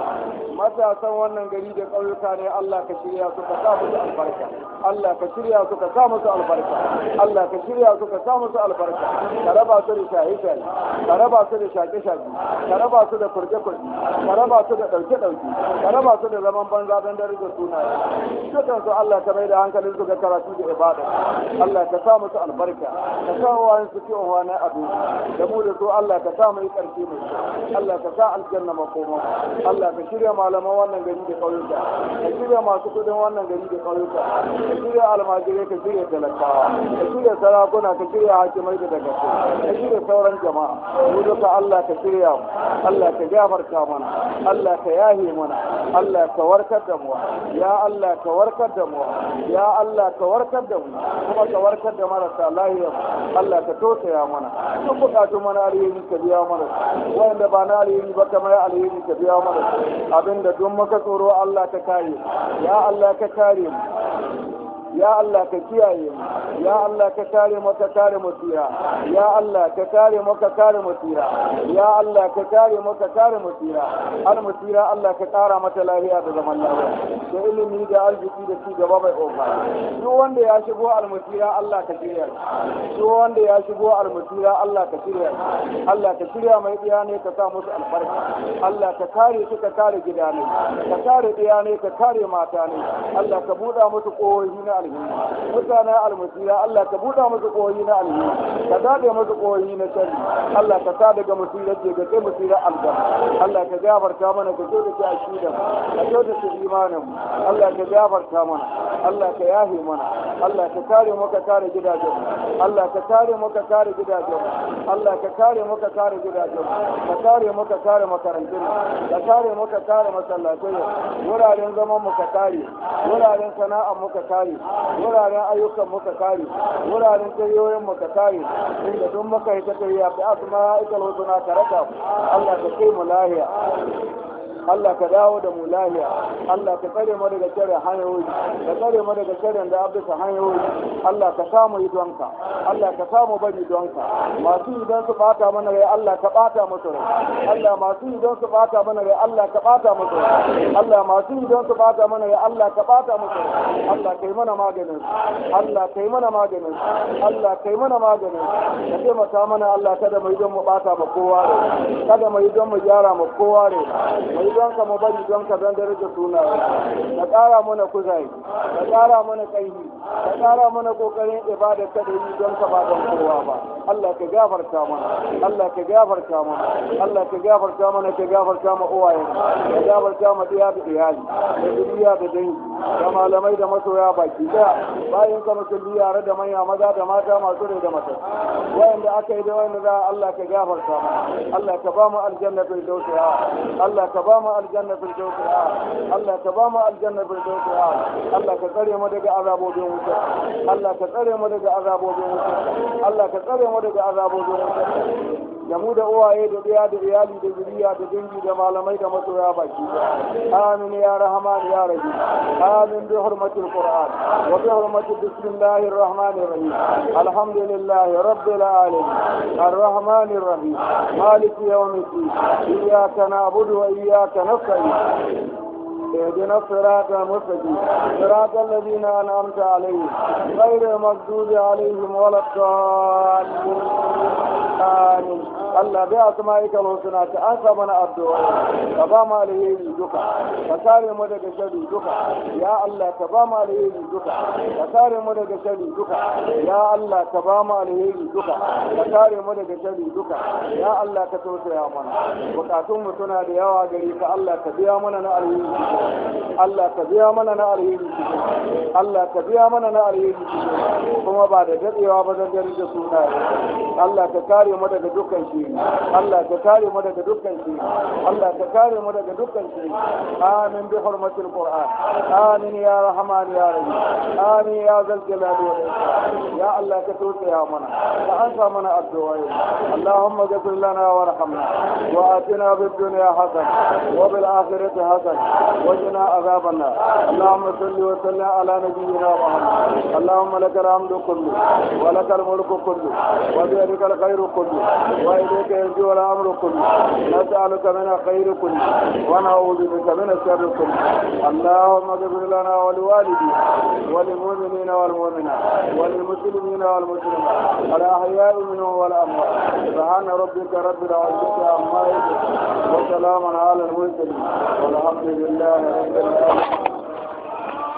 matasan wannan gari da ƙauyuka ne Allah ka shirya su ka sa musu albarka Allah ka shirya su ka albarka Allah ka shirya su ka albarka ka raba su da shaye shaye ka raba su da shaƙe shaƙe ka raba su da kurje kurje ka raba su da ɗauke ɗauke ka raba su da zaman banza don darajar sunaye dukkan su Allah ka mai da hankalin su ga karatu da ibada Allah ka sa musu albarka ka sa wani su ciwon wani abu da mu da su Allah ka sa mai ƙarfi mai Allah ka sa aljanna makoma Allah ka shirya malaman wannan gari da ƙauyuka ka shirya masu kudin wannan gari da ƙauyuka ka shirya almajirai ka shirya talakawa ka shirya sarakuna ka shirya hakimai da daga ka shirya sauran jama'a mu duka Allah ka shirya mu Allah ka gafarta mana Allah ka yahe mana Allah ka warkar da mu ya Allah ka warkar da mu ya Allah ka warkar da mu kuma ka warkar da marasa lahiya Allah ka tausaya mana duk bukatun mana alheri ka biya mana wanda ba na alheri ba kamar alheri ka biya mana abinda duk muka tsoro Allah ka kare ya Allah ka kare mu ya Allah ka kiyaye mu ya Allah ka kare mu ka kare mu tsira ya Allah ka kare mu ka kare mu tsira ya Allah ka kare mu ka kare mu tsira al musira Allah ka kara mata lafiya da zaman lafiya da ilimi da arziki da ci gaba mai ofa, duk wanda ya shigo al musira Allah ka shirya duk wanda ya shigo al musira Allah ka shirya Allah ka shirya mai iya ne ka sa musu albarka Allah ka kare su ka kare gida ka kare iya ne ka kare mata ne Allah ka buɗa musu kohohi na mutanen almasira Allah ka buɗa musu koyi na alheri ka daɗe musu koyi na sharri Allah ka sa daga masira ce ga kai masira algar Allah ka gafarta mana ka kyauta ta akidar ka kyauta ta imanin Allah ka gafarta mana Allah ka yahi mana Allah ka kare mu ka kare gidajen Allah ka kare mu ka kare gidajen Allah ka kare mu ka kare gidajen ka kare mu ka kare makarantun ka kare mu ka kare masallatai wuraren zaman mu ka kare wuraren sana'a mu ka kare wuraren ayyukan muka kare wuraren tsayoyin muka kare inda sun muka yi ta tafiya bi asma'ikal husna taraka Allah ka kai mu lahiya Allah ka dawo da mu lahiya Allah ka tsare mu daga tsare hanyoyi ka tsare mu daga tsare da abduka hanyoyi Allah ka samu idonka Allah ka samu bari idonka masu idan su bata mana rai Allah ka bata musu rai Allah masu idan su bata mana rai Allah ka bata musu rai Allah masu idan su bata mana rai Allah ka bata musu rai Allah kai mana maganin Allah kai mana maganin Allah kai mana maganin ka taimaka mana Allah kada mu yi mu bata ma kowa rai kada mu yi mu gyara ma kowa rai mu don ka mu bari don ka don daraja suna ka ƙara mana kuzari ka ƙara mana ƙaihi ka ƙara mana ƙoƙarin ibada ka da yi don ka ba don kowa ba Allah ka gafarta mana Allah ka gafarta mana Allah ka gafarta mana ka gafarta ma uwaye ka gafarta ma diya da iyali da dangi da malamai da masoya baki daya bayan ka biya yare da manya maza da mata masu rai da mata wayanda aka yi da wayanda za Allah ka gafarta mana Allah ka ba mu aljanna fil dawsiha Allah ka ba mu aljanna fil dawsiha Allah ka ba mu aljanna fil dawsiha Allah ka tsare mu daga azabobin wuta Allah ka tsare mu daga azabobin wuta Allah ka tsare mu daga azabobin wuta da mu da uwaye da ɗaya da iyali da zuriya da dangi da malamai da masoya baki amin ya rahama ya rahim آمين بحرمة القرآن وبحرمة بسم الله الرحمن الرحيم الحمد لله رب العالمين الرحمن الرحيم مالك يوم الدين إياك نعبد وإياك نستعين اهدنا الصراط المستقيم صراط الذين أنعمت عليهم غير المغضوب عليهم ولا الضالين آمين الله بأسمائك الحسنى تأنسى من الدعاء تبام عليه duka ka kare mu daga sharri duka ya Allah ka ba alheri duka ka kare mu daga sharri duka ya Allah ka ba alheri duka ka kare mu daga sharri duka ya Allah ka tausaya mana bukatun suna da yawa gari ka Allah ka biya mana na alheri Allah ka biya mana na alheri Allah ka biya mana na alheri kuma ba da dadewa ba zan gari da suna Allah ka kare mu daga dukkan shi Allah ka kare mu daga dukkan shi Allah ka kare mu daga dukkan shi amin bi hurmatil qur'an amin ya rahman ya rahim amin ya zal jalali wal ya Allah ka tausaya mana ka ansa mana addu'a wa اغفر لنا وارحمنا hasan? بالدنيا حسنه وبالاخره hasan? وجنا عذاب النار اللهم صل وسلم على نبينا محمد اللهم لك الحمد كله ولك الملك كله وبيدك الخير كله وإليك يرجو الأمر كله نسألك من الخير كله ونعوذ بك من الشر كله اللهم اغفر لنا ولوالدينا وللمؤمنين والمؤمنات وللمسلمين والمسلمات الأحياء منهم والأموات سبحان ربك رب العزة عما يصفون وسلام على المرسلين والحمد لله الله